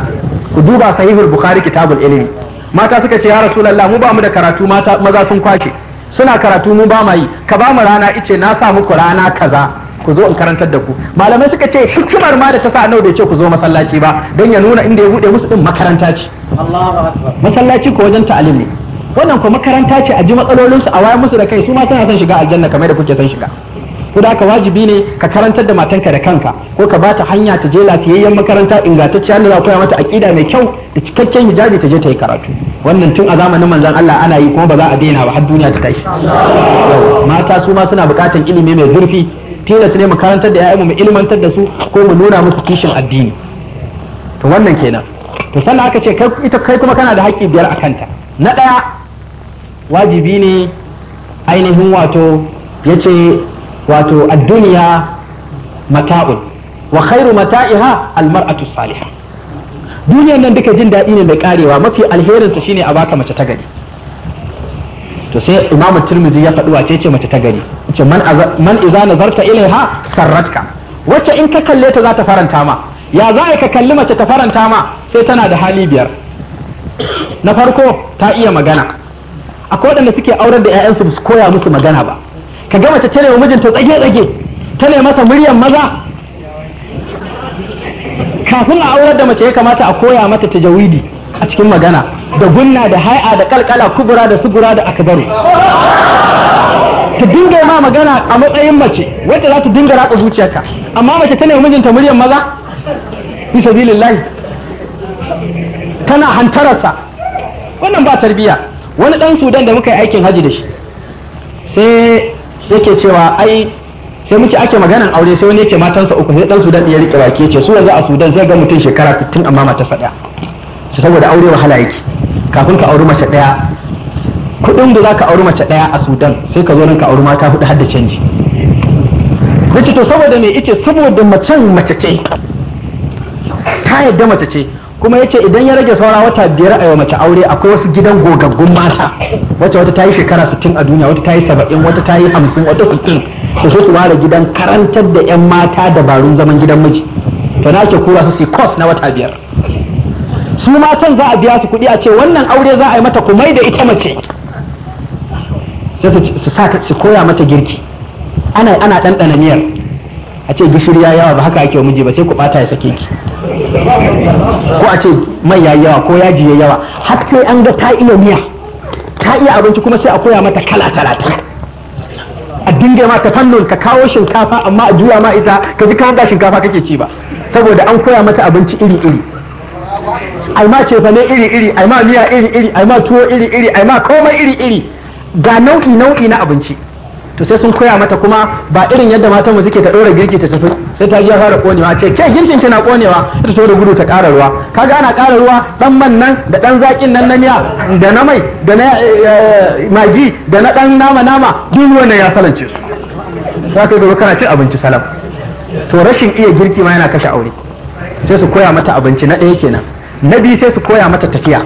ku duba sahihul bukhari kitabul ilmi mata suka ce ya rasulullah mu ba mu da karatu mata maza sun kwace suna karatu mu ba ma yi ka ba mu rana ice na sa ku rana kaza ku zo in karantar da ku malamai suka ce hikimar ma da ta sa annabi bai ce ku zo masallaci ba don ya nuna inda ya bude musu din makaranta ce masallaci ko wajen ta'alimi wannan ko makaranta ce a ji matsalolin su a wayan musu da kai su ma suna son shiga aljanna kamar da kuke son shiga ko da ka wajibi ne ka karantar da matanka da kanka ko ka bata hanya ta je lafiyayyen makaranta ingantacce da za koya mata aqida mai kyau da cikakken hijabi ta je ta yi karatu wannan tun a zamanin manzon Allah ana yi kuma ba za a daina ba har duniya ta tashi mata su ma suna bukatan ilimi mai zurfi tilas ne mu karantar da ƴaƴanmu mu ilmantar da su ko mu nuna musu kishin addini to wannan kenan to sannan aka ce kai ita kai kuma kana da haƙƙi biyar a kanta na ɗaya wajibi ne ainihin wato ce wato addiniya dunya mata'un wa khairu mata'iha al-mar'atu duniyar nan duka jin daɗi ne mai karewa mafi alherin ta shine a baka mace ta gari to sai imamu tirmidhi ya faɗi wace ce mace ta gari ce man iza nazarta ilaiha sarratka wacce in ka kalle ta za ta faranta ma ya za a ka kalli mace ta faranta ma sai tana da hali biyar na farko ta iya magana akwai waɗanda suke aurar da 'ya'yansu su koya musu magana ba ka ga mace tana ta tsage-tsage tana masa muryan maza kafin a aurar da mace ya kamata a koya mata ta tajawidi a cikin magana da gunna da hai'a da kalkala kubura da sugura da akbaru ta dinga ma magana a matsayin mace wadda za ta dinga ratsa zuciyarka amma mace tana yi mijinta muryar maza fi sabilillahi tana hantararsa wannan ba tarbiya wani dan sudan da muka yi aikin haji da shi sai yake cewa ai sai muke ake maganan aure sai wani yake matansa uku sai dan sudan ya rike baki yace su yanzu a sudan zai ga mutum shekara 60 amma mata faɗa saboda aure wahala yake kafin ka auri mace daya kuɗin da za ka auri mace ɗaya a sudan sai ka zo nan ka auri mata hudu har da canji nace to saboda me yace saboda macen mace ce ta yadda mace ce kuma yace idan ya rage saura wata biyar a mace aure akwai wasu gidan gogaggun mata wacce wata ta yi shekara 60 a duniya wata ta yi 70 wata ta yi 50 wata 60 to su ware gidan karantar da yan mata dabarun zaman gidan miji to na ke kura su su kos na wata biyar su matan za a biya su kuɗi a ce wannan aure za a yi mata kuma da ita mace sai su koya mata girki ana ana ɗanɗana miyar a ce gishiri ya yawa ba haka ake miji ba sai ku bata ya sake ki ko a ce mai ya yawa ko yaji ya yawa har sai an ga ta iya miya ta iya abinci kuma sai a koya mata kala talata a dinga ma ta fannin ka kawo shinkafa amma a juya ma ita ka ji ka ga shinkafa kake ci ba saboda an koya mata abinci iri iri ai ma ce fa ne iri iri ai ma miya iri iri ai ma tuwo iri iri ai ma komai iri iri ga nau'i nau'i na abinci to sai sun koya mata kuma ba irin yadda matan mu suke ta ɗora girki ta tafi sai ta ya fara konewa ce ke girkin na konewa ita to da gudu ta ƙara ruwa kaga ana ƙara ruwa dan man nan da dan zakin nan na miya da na mai da na eh, eh, magi da na dan nama nama duk wannan ya salance su za ka ga kana cin abinci salam to rashin iya girki ma yana kashe aure sai su koya mata abinci na ɗaya kenan na biyu sai su koya mata tafiya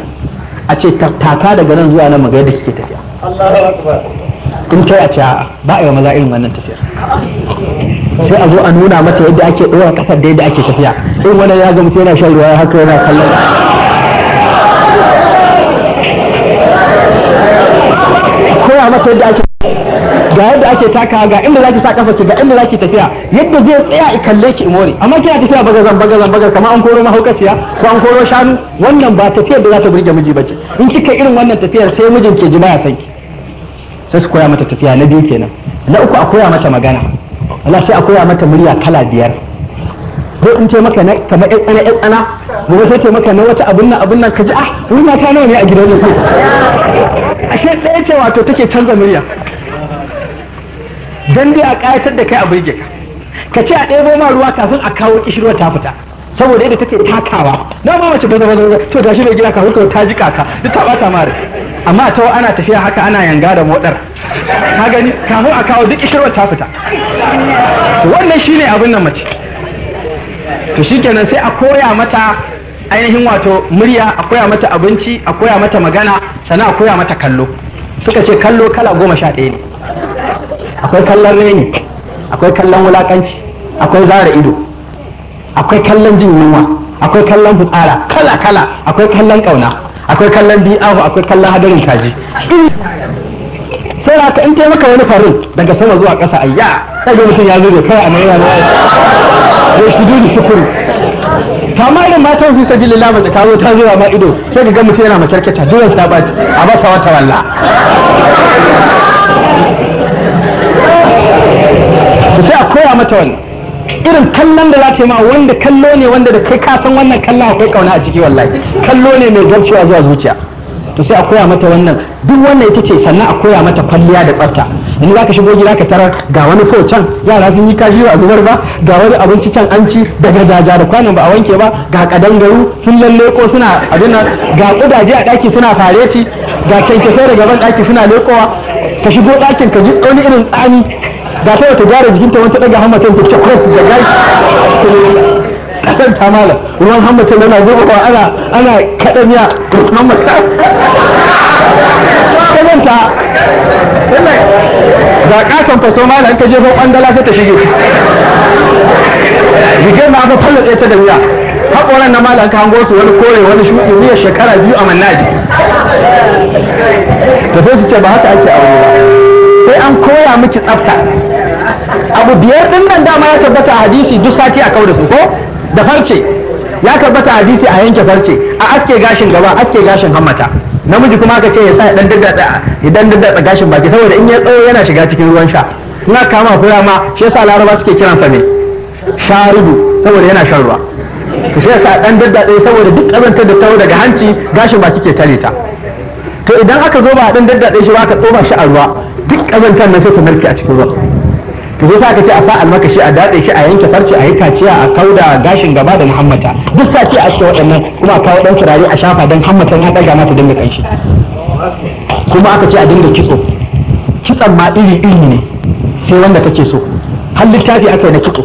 a ce taka daga nan zuwa nan magana da kike tafiya in ce a ce ba a yi wa maza irin wannan tafiyar sai a zo a nuna mata yadda ake ɗora kafar da yadda ake tafiya in wani ya gamsu yana shan ruwa haka yana kallon koya mata yadda ake ga yadda ake taka ga inda zaki sa kafa ga inda zaki tafiya yadda zai tsaya a kalle ki more amma kina tafiya bagazan bagazan bagar kamar an koro mahaukaciya ko an koro shanu wannan ba tafiyar da za ta burge miji bace in kika irin wannan tafiyar sai mijin ke ji ya sanki sai su koya mata tafiya na biyu kenan na uku a koya mata magana Allah sai a koya mata murya kala biyar ko in ce maka na kamar ƴan ɗan ƴan ɗana, gobe sai ce maka na wata abun nan abun nan ka ji ah murya ta nawa ne a gidan ku ashe ɗaya ce wato take canza murya dan dai a ƙayatar da kai a burge ka ka ce a ɗebo ma ruwa kafin a kawo kishirwa ta fita saboda yadda take takawa na ba mace baza baza to da shi mai gida ka hukunta ta jika ka duk ta bata mare amma ta ana tafiya haka ana yanga da moɗar ka gani kafin a kawo duk ishirwar ta fita wannan shi ne abin nan mace to kenan sai a koya mata ainihin wato murya a koya mata abinci a koya mata magana sannan a koya mata kallo suka ce kallo kala goma sha ɗaya ne akwai kallon reni akwai kallon wulakanci akwai zara ido akwai kallon jin yunwa akwai kallon fitsara kala kala akwai kallon ƙauna akwai kallon ahu akwai kallon hadarin kaji sai da in taimaka wani farin daga sama zuwa ƙasa ayya sai ga mutum ya zo da kawai a mai yana ya shi dudu shukuru ta ma irin matan fi sabili lama da kawo ta zuwa ma ido sai ga mutum yana makarkata jiran ta baci a ba wata walla sai a koya mata wani irin kallon da za ta yi ma wanda kallo ne wanda da kai ka san wannan kallon akwai kauna a ciki wallahi kallo ne mai garcewa zuwa zuciya to sai a koya mata wannan duk wannan ita ce sannan a koya mata kwalliya da tsafta in za ka shigo gida ka tarar ga wani ko can yara sun yi kashi a zubar ba ga wani abinci can an ci daga jaja da kwanan ba a wanke ba ga kadangaru sun lalleko suna abin ga kudaje a daki suna fareti ga kyankyasai daga ban daki suna lekowa ka shigo dakin ka ji wani irin tsani da ta ta gyara jikinta wani ta daga hammatan ta ce kwas da gai kasan tamala ruwan hammatan yana zuwa ana ana kadanya hammatan kadanta da kasan faso ma ka je ban bandala sai ta shige jikin ma aka fallace ta da wuya haƙoran na malam ka hango su wani kore wani shuɗi niyyar shekara biyu a mannaji ta sai su ce ba haka ake aure ba sai an koya miki tsafta abu biyar din nan dama ya tabbata a hadisi duk sati a kawo da su ko da farce ya tabbata a hadisi a yanke farce a aske gashin gaba aske gashin hammata namiji kuma aka ce ya sa dan daddatsa idan daddatsa gashin baki saboda in ya tsaye yana shiga cikin ruwan sha ina kama fura ma shi yasa laraba suke kiran sa ne sharibu saboda yana shan ruwa to sai sa dan daddatsa saboda duk kazantar da tawo daga hanci gashin baki ke tare ta to idan aka zo ba dan daddatsa shi ba ka tsoma shi a ruwa duk kazantar nan sai ta narke a cikin ruwa to zo aka ce a sa almakashi a datse shi a yanke farce a yi kaciya a kauda gashin gaba da muhammata duk ce a shi waɗannan kuma a kawo ɗan turare a shafa don hammata ya ɗaga mata dinga kanshi kuma aka ce a dinga kitso kitson ma iri iri ne sai wanda kake so har littafi aka yi na kitso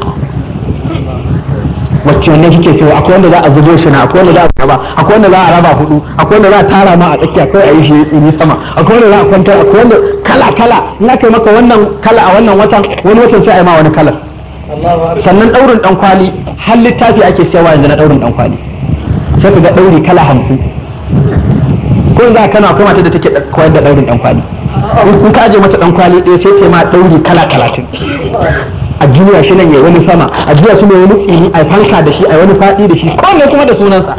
wacce wanda kike so akwai wanda za a zubo shi na akwai wanda za a raba akwai wanda za a raba hudu akwai wanda za a tara ma a tsakiya kai a yi shi tsini sama akwai wanda za a kwantar akwai wanda kala in aka maka wannan kala a wannan watan wani watan sai a yi ma wani kalar sannan daurin dan kwali har littafi ake siyarwa yanzu na daurin dan kwali sai ka ga dauri kala hamsin ko za kana akwai mata da take koyar da daurin dan kwali in ka aje mata dan kwali ɗaya sai ce ma dauri kala talatin a juya shi nan ya wani sama a juya su ne wani tsini a fanka da shi a wani faɗi da shi ne kuma da sunansa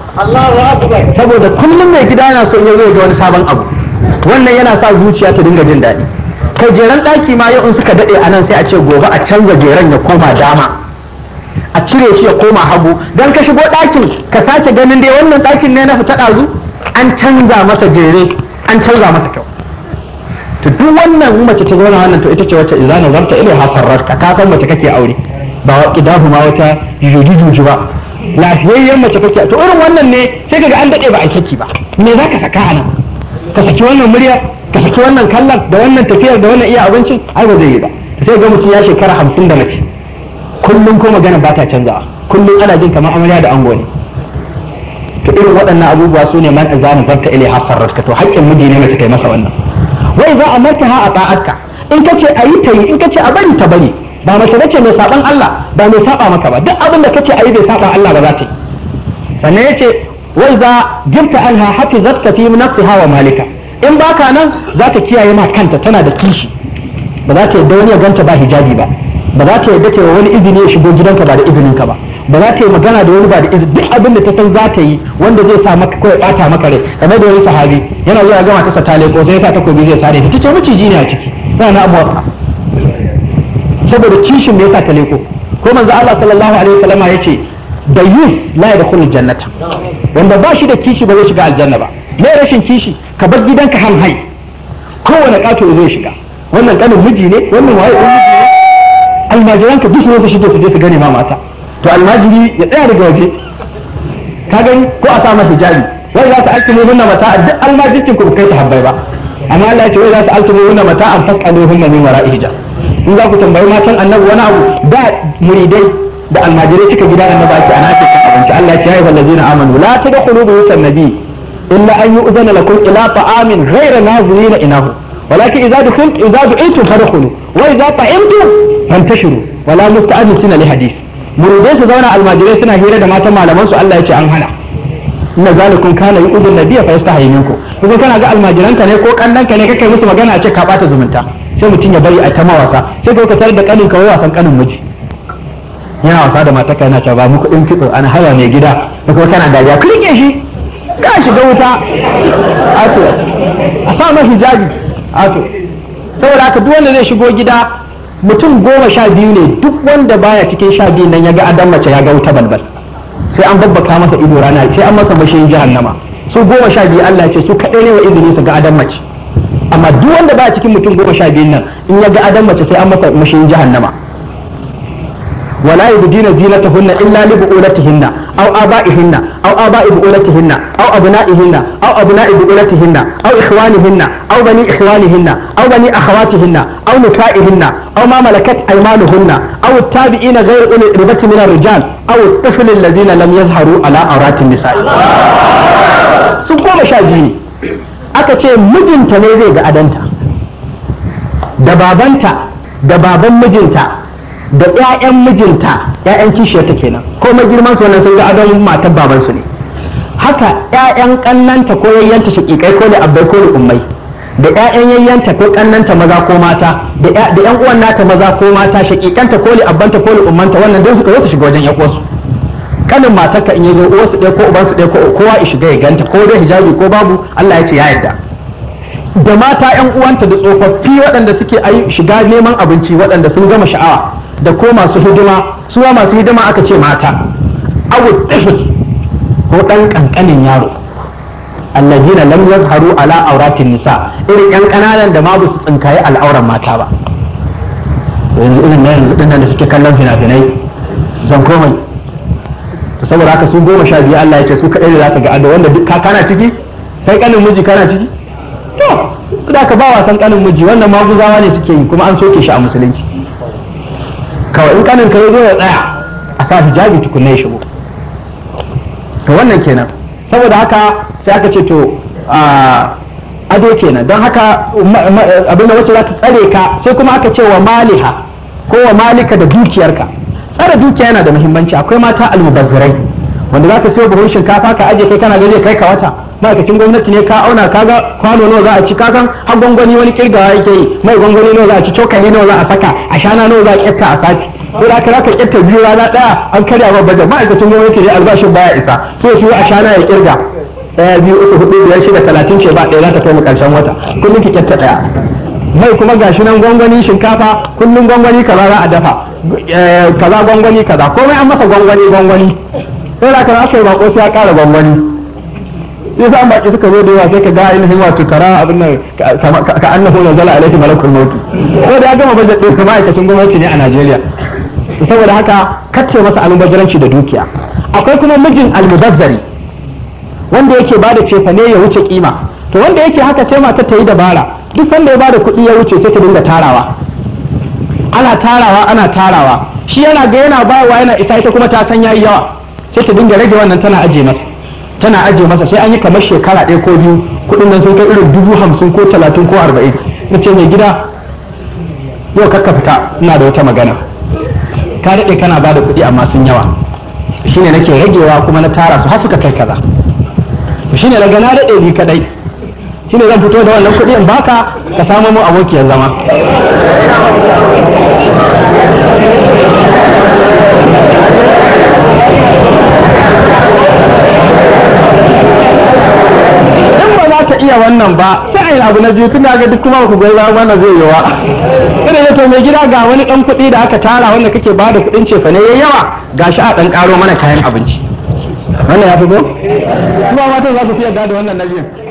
saboda kullum mai gida yana so ya zo ga wani sabon abu wannan yana sa zuciya ta dinga jin daɗi kai jeren ɗaki ma yau in suka daɗe a nan sai a ce gobe a canza jeren ya koma dama a cire shi ya koma hagu don ka shigo ɗakin ka sace ganin dai wannan ɗakin ne na fita ɗazu an canza masa jere an canza masa kyau to duk wannan mace ta zauna wannan to ita ce wacce idza zarta ilaiha hasarar ka san mace kake aure ba kidahu ma wata juji jiji ba lafiyayyen mace kake to irin wannan ne sai kaga an dade ba a kake ba me zaka saka nan ka saki wannan murya ka saki wannan kallon da wannan tafiyar da wannan iya abincin ai ba zai yi ba sai ga mutum ya shekara hamsin da mace kullum ko magana ba ta canzawa kullum ana jin kamar amarya da ango ne to irin waɗannan abubuwa su ne man azanin farka ilai hafar ka to haƙƙin miji ne mace kai masa wannan wai za a marta ha a ta'atka in ka ce a yi ta yi in ka ce a bari ta bari ba mace bace mai saɓan Allah ba mai saɓa maka ba duk abin da ka ce a yi bai saɓa Allah ba za ta yi sannan ce. wai za jirta an ha hafi zatka fi su hawa malika in baka nan za ta kiyaye ma kanta tana da kishi ba za ta yadda wani ya ganta ba hijabi ba ba za ta yadda wa wani izini ya shigo gidanka ba da izininka ba ba za ta yi magana da wani ba da izini duk abin da ta san za ta yi wanda zai sa maka kawai bata maka rai kamar da wani sahabi yana zuwa gama ta ta leko sai ta takobi zai sare ta ce miciji ne a ciki yana na abuwa saboda kishin me yasa ta leko ko manzo Allah sallallahu alaihi wasallam ya ce da yin la ya dakhulul jannata wanda ba shi da kishi ba zai shiga aljanna ba me rashin kishi ka bar gidanka hal hai kowane kato zai shiga wannan kanin miji ne wannan waye ɗan miji ne almajiran ka duk su shige su je su gane ma mata to almajiri ya tsaya daga waje ka gani ko a sa masa hijabi wai za su alkimo nuna mata a duk almajirkin ku kai ta habbai ba amma Allah ya ce wai za su alkimo nuna mata an fasqalu hunna min wara'i hijab in za ku tambayi matan annabi wani abu da muridai da almajirai suka gida annabi ake ana ce kan abinci Allah ya ayyuhal ladina amanu la tadkhulu buyutan nabi illa an yu'zana lakum ila ta'amin ghayra nazirin inahu ولكن إذا دخلت إذا دعيتم فادخلوا وإذا طعمتم wala ولا مستأنسين لحديث muridai su zauna almajirai suna hira da matan malaman su Allah ya ce an hana inna zalikum kana yu'udun nabiyya fa yastahi minku kuma kana ga almajiranka ne ko kannanka ne kake musu magana a ce ka bata zumunta sai mutum ya bari a ta mawasa sai ka tar da kanin ka wasan kanin miji yana wasa da mataka yana cewa ba mu kuɗin kitso an haya mai gida da kuma kana dariya ku rike shi ka shiga wuta ato a sa mashi jabi ato saboda haka duk wanda zai shigo gida mutum goma sha biyu ne duk wanda baya cikin sha biyu nan ya ga adam mace ya ga wuta balbal sai an babbaka masa ido rana sai an masa mashayin jahannama su goma sha biyu Allah ce su kaɗai ne wa izini su ga adam mace amma duk wanda baya cikin mutum goma sha biyu nan in ya ga adam mace sai an masa mashayin jahannama ولا يبدين زينتهن إلا لبؤولتهن أو آبائهن أو آباء بؤولتهن أو أبنائهن أو أبناء بؤولتهن أو إخوانهن أو بني إخوانهن أو بني أخواتهن أو نسائهن أو ما ملكت أيمانهن أو التابعين غير أولي الربة من الرجال أو الطفل الذين لم يظهروا على عورات النساء su goma sha biyu aka ce mijinta ne zai ga adanta da babanta da baban mijinta da 'ya'yan mijinta 'ya'yan kishiyarta kenan komai girman su wannan sun ga adon matar babansu ne haka 'ya'yan kannanta ko yayyanta shiƙiƙai ko da abbai ko da ummai da 'ya'yan yayyanta ko kannanta maza ko mata da 'yan uwan nata maza ko mata shakikanta ko da abbanta ko da ummanta wannan dai suka zo su shiga wajen yan uwansu kanin matarka in zo uwar su ɗaya ko uban su ɗaya ko kowa ya shiga ya ganta ko dai hijabi ko babu Allah ya ce ya yarda da mata 'yan uwanta da tsofaffi waɗanda suke shiga neman abinci waɗanda sun gama sha'awa da ko masu hidima su ma masu hidima aka ce mata awu tifl ko ɗan ƙanƙanin yaro na lam yazharu ala auratin nisa irin yan kananan da ma ba su tsinkaye al'auran mata ba yanzu irin na yanzu dinnan da suke kallon fina-finai zan komai to saboda haka su goma sha biyu Allah ya ce su kaɗai da za ka ga ado wanda duk kana ciki kai kanin miji kana ciki to da ka ba wasan kanin miji wannan maguzawa ne suke yi kuma an soke shi a musulunci kawai in kanin kare zo ya tsaya a sa hijabi tukunna ya shigo to wannan kenan saboda haka sai aka ce to ado kenan don haka abinda wacce za ta tsare ka sai kuma aka ce wa maliha ko wa malika da dukiyarka tsare dukiya yana da muhimmanci akwai mata almubazzirai wanda za ka siyo buhun shinkafa ka aje kai kana zai kai ka wata ma'aikacin gwamnati ne ka auna ka ga kwano nawa za a ci ka har gwangwani wani kirgawa yake yi mai gwangwani nawa za a ci cokali nawa za a saka a shana nawa za a kyarta a sati ko da ka kyarta biyu rana daya an karya ba bajan ma'aikacin gwamnati ne albashin baya isa so su a shana ya kirga daya biyu uku hudu biyar shida talatin ce ba ɗaya za ta kai mu ƙarshen wata kullum ki kyarta daya mai kuma gashi nan gwangwani shinkafa kullum gwangwani kaza za a dafa eh, kaza gwangwani kaza komai an masa gwangwani gwangwani sai da kana aka bako sai ya ƙara gwangwani sai sa baki suka zo da yawa sai ka ga ainihin wato tara abin nan ka annahu zala alaihi malakul maut ko da ya gama bajet din ma'aikacin gwamnati ne a Najeriya saboda haka kace masa almubazzaranci da dukiya akwai kuma mijin almubazzari wanda yake bada cefane ya wuce kima to wanda yake haka sai mata ta yi dabara duk sanda ya bada kuɗi ya wuce sai ta dinga tarawa ana tarawa ana tarawa shi yana ga yana bayarwa yana isa ita kuma ta san yayi yawa sai ta dinga rage wannan tana ajiye masa tana aje masa sai an yi kamar shekara ɗaya ko biyu kuɗin nan sun kai irin dubu hamsin ko talatin ko arba'in na ce mai gida yau kakka fita ina da wata magana ka daɗe kana ba da kuɗi amma sun yawa shine nake ragewa kuma na tara su har suka kai kaza shine daga na daɗe ni kaɗai shine zan fito da wannan kuɗi in baka ka samu mu abokiyar zama iya wannan ba sai ayin abu na biyu tunda ga duk kuma ku goyi bayan zai yiwa kada ya to mai gida ga wani dan kuɗi da aka tara wanda kake ba da kuɗin cefa ne yayi yawa gashi a dan karo mana kayan abinci wannan ya fi go kuma matan za su fi yarda da wannan na biyu